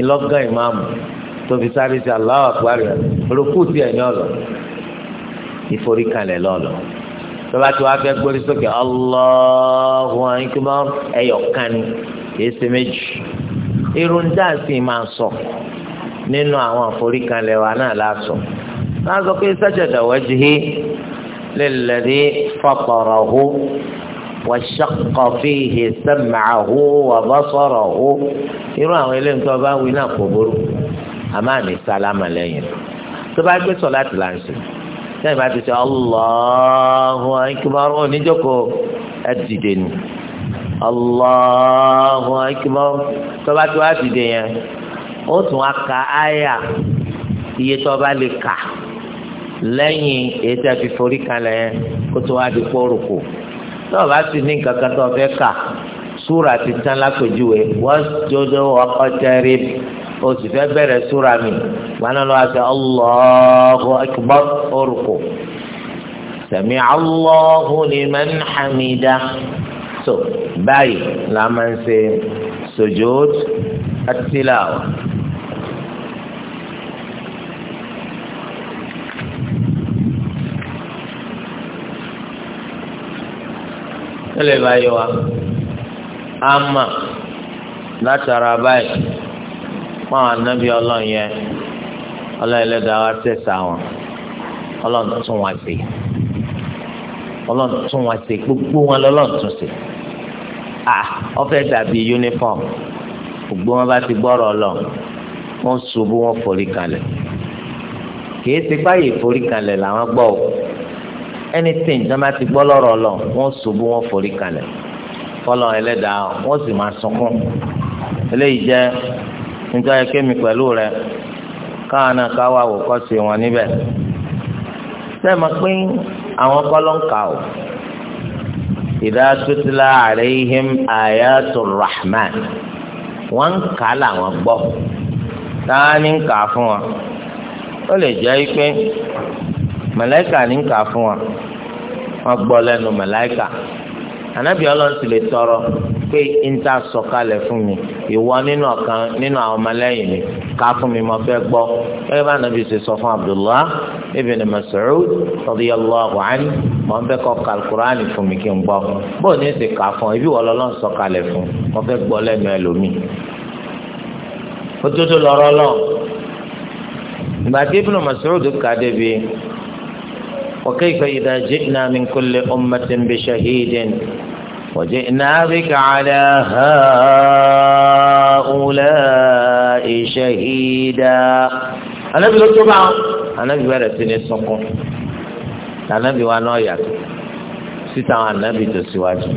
A: ìlọ́gán ìmáàmù tó fi sáré sí Allahu Akbar rúkú tiẹ̀ ní ọ̀lọ́ ìforíkalẹ̀ lọ́lọ́ tọ́ba tí wàá fẹ́ gbórí sókè Allahu Akbar ẹ̀yọ̀ kan ni kìí ṣe méjì irun dáǹsì máa ń sọ nínú àwọn àforíkanlẹ̀ wa náà láàsọ náà sọ pé sajada wajhi lilladhi fatarahu wa shaqqa fihi sam'ahu wa basarahu irú àwọn eléyìí bá wí náà kò burú àmọ́ àmì sálámà lẹ́yìn tó bá gbé sọ láti láǹṣẹ́ sẹ́yìn bá ti sọ Allahu akbar oníjókòó ẹ̀ dìde ni. Allahu akbar tọ́ba tí wàá dìde yẹn ó tún á ka àyà iye tọ́ba lè kà lẹ́yìn èyí tí a fi forí kalẹ̀ yẹn kó tó wá di kórokò tọ́ba sì ní kankan tó fẹ́ kà súra ti tán lápèjúwe wọ́n jọjọ́ ọkọ̀ tẹ́rẹ́ o sì fẹ́ bẹ̀rẹ̀ súra mi gbaná lọ́wọ́ sẹ́ Allahu akbar orúkọ sami Allahu liman hamida so báyìí la máa ń ṣe sojúd àtìláwà. tẹ́lẹ̀ bá yọ wa á mà látara báyìí fún àwọn anábì ọlọ́run yẹn ọlọ́run ẹlẹ́dàá wa tẹ̀sà wọn ọlọ́run tún wá sí ọlọ́run tún wọn ṣe gbogbo wọn lọ́lọ́run tún ṣe ah ọfẹ́ dàbí uniform gbogbo wọn bá ti gbọ́rọ̀ ọlọ́run wọn ṣubú wọn forí kalẹ̀ kìí ṣe báyìí forí kalẹ̀ làwọn gbọ́ o anything tí wọn bá ti gbọ́ lọ́rọ̀ ọlọ́run wọn ṣubú wọn forí kalẹ̀ fọlọ́ ẹlẹ́dàá wọn sì máa sunkún eléyìí jẹ́ nítorí kémi pẹ̀lú rẹ káwọn náà káwá wò kọ́ sí wọn níbẹ̀ sẹ́ẹ̀ máa pín àwọn kọ́lọ́ ń kà ó ìdá tutla àyàtò rahman wọ́n ń kà á làwọn gbọ́ táà ní ń kà á fún wa ó lè jẹ́ pé màláìkà ní ń kà á fún wa wọ́n gbọ́ lẹ́nu màláìkà ànábìá ọlọ́run sì lè tọrọ pé níta sọ̀kalẹ̀ fún mi ìwọ nínú ọ̀kan nínú àwọn ọmọlẹ́yìn mi ká fún mi mo fẹ́ gbọ́ ẹ bá nàbí ṣe sọ fún Abdullah ibn Mas'ud radiyallahu anhu mo fẹ́ kọ́ kàlùkùránì fún mi kí n gbọ́ bó ní ṣe kà fún ibi wọ́n lọ́lọ́ sọ̀kalẹ̀ fún mo fẹ́ gbọ́ lẹ́nu ẹlòmíì òtútù lọ́rọ́ lọ ìgbà tí ibn Mas'ud kà débi. وكيف إذا جئنا من كل أمة بشهيد وجئنا بك على هؤلاء شهيدا النبي لو تبع النبي بẹ̀rẹ̀ sí ní sọkún النبي wa náà yàtọ̀ sí النبي tó síwájú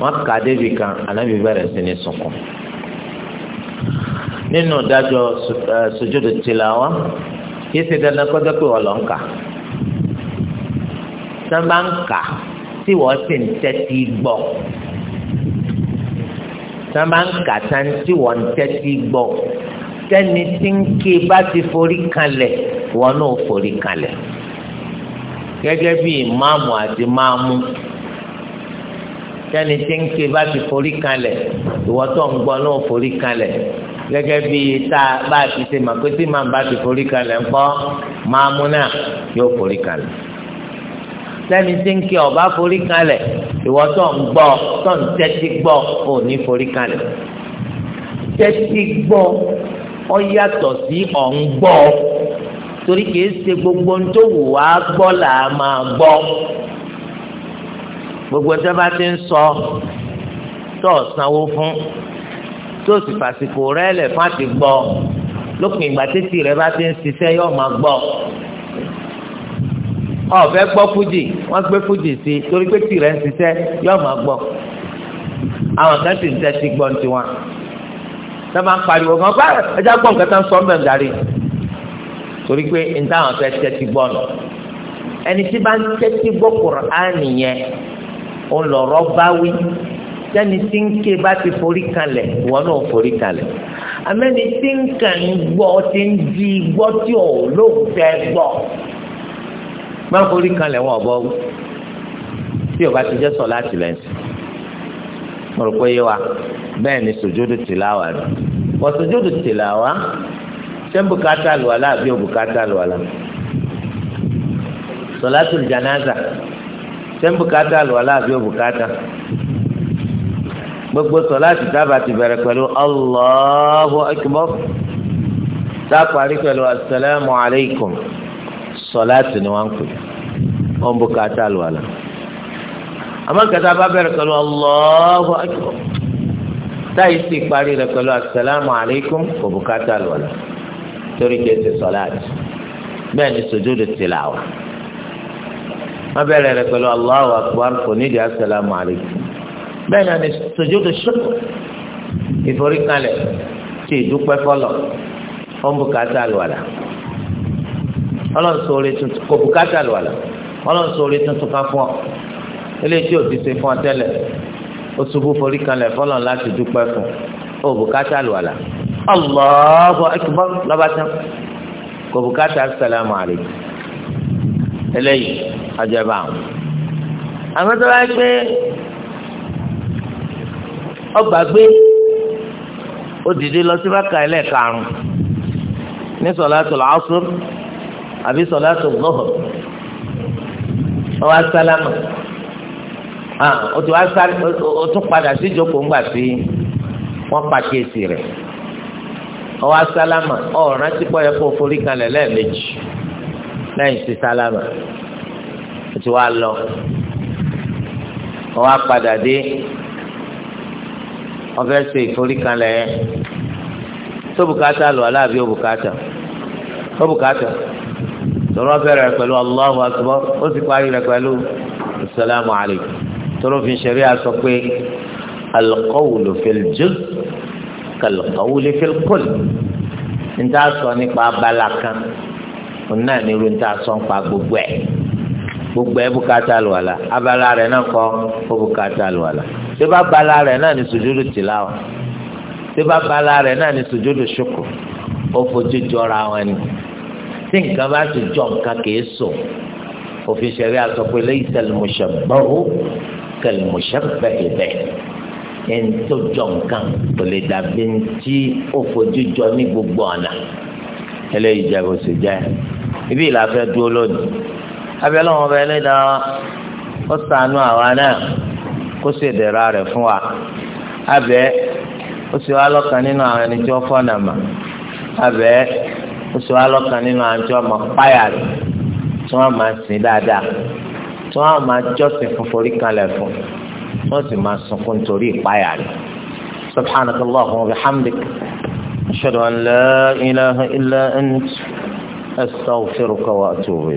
A: wọn kà kan النبي bẹ̀rẹ̀ sí ní sọkún nínú ìdájọ́ sojúdo tìlàwá kìí ṣe dandan kọjá pé wọn lọ ń kà sábà ń kà tí wọ́n sì ń tẹ́tí gbọ́ tán bá ń kà tán tí wọ́n ń tẹ́tí gbọ́ tẹ́ni tí ń ké bá ti forí kalẹ̀ wọ́n náà forí kalẹ̀ gẹ́gẹ́ bí ìmáàmù àti máàmù tẹ́ni tí ń ké bá ti forí kalẹ̀ ìwọ tó ń gbọ́ náà forí kalẹ̀ gẹ́gẹ́ bí tá a bá ti ṣe màkútí máa bá ti forí kalẹ̀ ńkọ́ máàmù náà yóò forí kalẹ̀ sẹ́ni tí ń kí ọba forí kalẹ̀ ìwọ tó ń gbọ́ tó ń tẹ́tí gbọ́ ò ní forí kalẹ̀ tẹ́tí gbọ́ ọ yàtọ̀ sí ọ̀ ń gbọ́ torí kìí ṣe gbogbo ń tó wù wá gbọ́ là á máa gbọ́ gbogbo tẹ́ bá ti ń sọ tó o sanwó fún tó o sì fàsìkò rẹ̀ lẹ̀ fún àti gbọ́ lópin ìgbà títì rẹ̀ bá ti ń ṣiṣẹ́ yóò máa gbọ́ ọ̀fẹ́ gbọ́ fújì wọ́n gbé fújì sí torí pé tìrẹ̀ ń ṣiṣẹ́ yóò máa gbọ́ àwọn kan sì ń tẹ́tí gbọ́ ní tiwọn tó máa ń pariwo kan bá ẹja gbọ́ nǹkan tó ń sọ ń bẹ̀ ń darí torí pé n táwọn fẹ́ tẹ́tí gbọ́ nù ẹni tí bá ń tẹ́tí gbọ́ Kùránì yẹn òun lọ̀rọ̀ bá wí sẹ́ni tí ń ké bá ti forí kalẹ̀ wọ́n náà forí kalẹ̀ amẹ́ni tí ń kàn ń gbọ́ ti ń di gbọ́ tí ò lóòótọ́ gbọ́ máa forí kanlẹ̀ wọn ọ̀bọ tí o bá ti jẹ́ sọ láti lẹ́yìn mo rò pé yé wa bẹ́ẹ̀ ni sòjódù tìláwà rẹ̀ wọ́n sòjódù tìláwà ṣé ń bùkátà àlùwàlá àbí ò bùkátà àlùwàlá sọ̀látù jànáza ṣé ń bùkátà àlùwàlá àbí ò bùkátà gbogbo sọ̀látù dábàá ti bẹ̀rẹ̀ pẹ̀lú Allahu akbar tá parí pẹ̀lú asalaamualeykum sọ̀látù ni wọ́n ń pè é wọn bó ká tá àlùwàlà àmọ́ kẹta bá bẹ̀rẹ̀ pẹ̀lú Allahu akbar táyì sì parí rẹ̀ pẹ̀lú asalaamu alaykum kò bó ká tá àlùwàlà torí kìí ṣe sọláàtì bẹ́ẹ̀ ni sojúdù tìlàwà wọn bẹ̀rẹ̀ rẹ̀ pẹ̀lú Allahu akbar kò nídìí asalaamu alaykum bẹ́ẹ̀ ni sojúdù ṣùkú ìforíkalẹ̀ ti ìdúpẹ́ ọlọ́run sọ orí kò bó ká ọlọ́run sọ orí tuntun ká fún ọ eléyìí tí o ti ṣe fún ọ tẹ́lẹ̀ o ṣubú forí kanlẹ̀ fọlọ́n láti dúpẹ́ fún o bùkátà lù àlà Allahu akbar lọ́ba tán kò bùkátà sàlámù àlejò eléyìí ajẹba àwọn. àwọn tó bá yẹ ọgbà gbé ó lọ sí bákà ẹlẹ́ẹ̀karùn-ún ní sọ̀látùl ásùr àbí sọ̀látùl zuhr. wọ́n wá sálámà o tún wá sáré o tún padà sí ìjókòó ńgbà tí wọ́n pàkíyèsí rẹ̀ wọ́n wá sálámà ọ̀ràn tí pọ̀ yẹ kó forí kalẹ̀ lẹ́ẹ̀mejì lẹ́yìn sí sálámà o tún lọ padà dé ṣe yẹn tó bùkátà lọ aláàbí tọrọ bẹ̀rẹ̀ pẹ̀lú Allahu akbar ó sì parí rẹ̀ pẹ̀lú assalamu alaykum tọrọ fi ṣẹ̀rí àsọ pé alqawlu fil juz kalqawli fil kull níta sọ nípa abala kan náà nílùú níta sọ nípa gbogbo ẹ̀ gbogbo ẹ̀ bùkátà lù wàlà abala rẹ̀ náà kọ́ ó bùkátà lù wàlà tí bala rẹ̀ náà ní sùjúdù tìláwà tí bá bala rẹ̀ náà ní sùjúdù ṣùkù ó fojú jọra wọn ni tí nǹkan bá ti jọ nǹkan kìí sùn òfin ṣẹ̀rí àsọpọ̀ eléyìí tẹlifùsẹ̀ bọ́ọ̀ tẹlifùsẹ̀ bẹ́ẹ̀ bẹ́ẹ̀ ẹni tó jọ nǹkan kò lè dàbí tí ó jọ ní gbogbo ọ̀nà eléyìí jẹ́ kó sì jẹ́ ibi ìlàfẹ́ dúró lónìí abẹ́lẹ́ wọn bẹ ẹlẹ́dàá ó ṣàánú àwa náà kó sì dẹ̀ra rẹ̀ fún wa abẹ́ ó sì wá lọ́kàn nínú àwọn ẹni tí wọ́n fọ́ nàmà abẹ́ ó sì wá lọ́kàn nínú àwọn tí wọ́n máa páyà rẹ̀ tí wọ́n máa sìn dáadáa tí wọ́n máa jọ́sìn fún forí kanlẹ̀ fún wọ́n sì máa sunkún torí ìpáyà rẹ̀ subhanakallahumma wa bihamdik ashhadu an la ilaha illa ant astaghfiruka wa atubu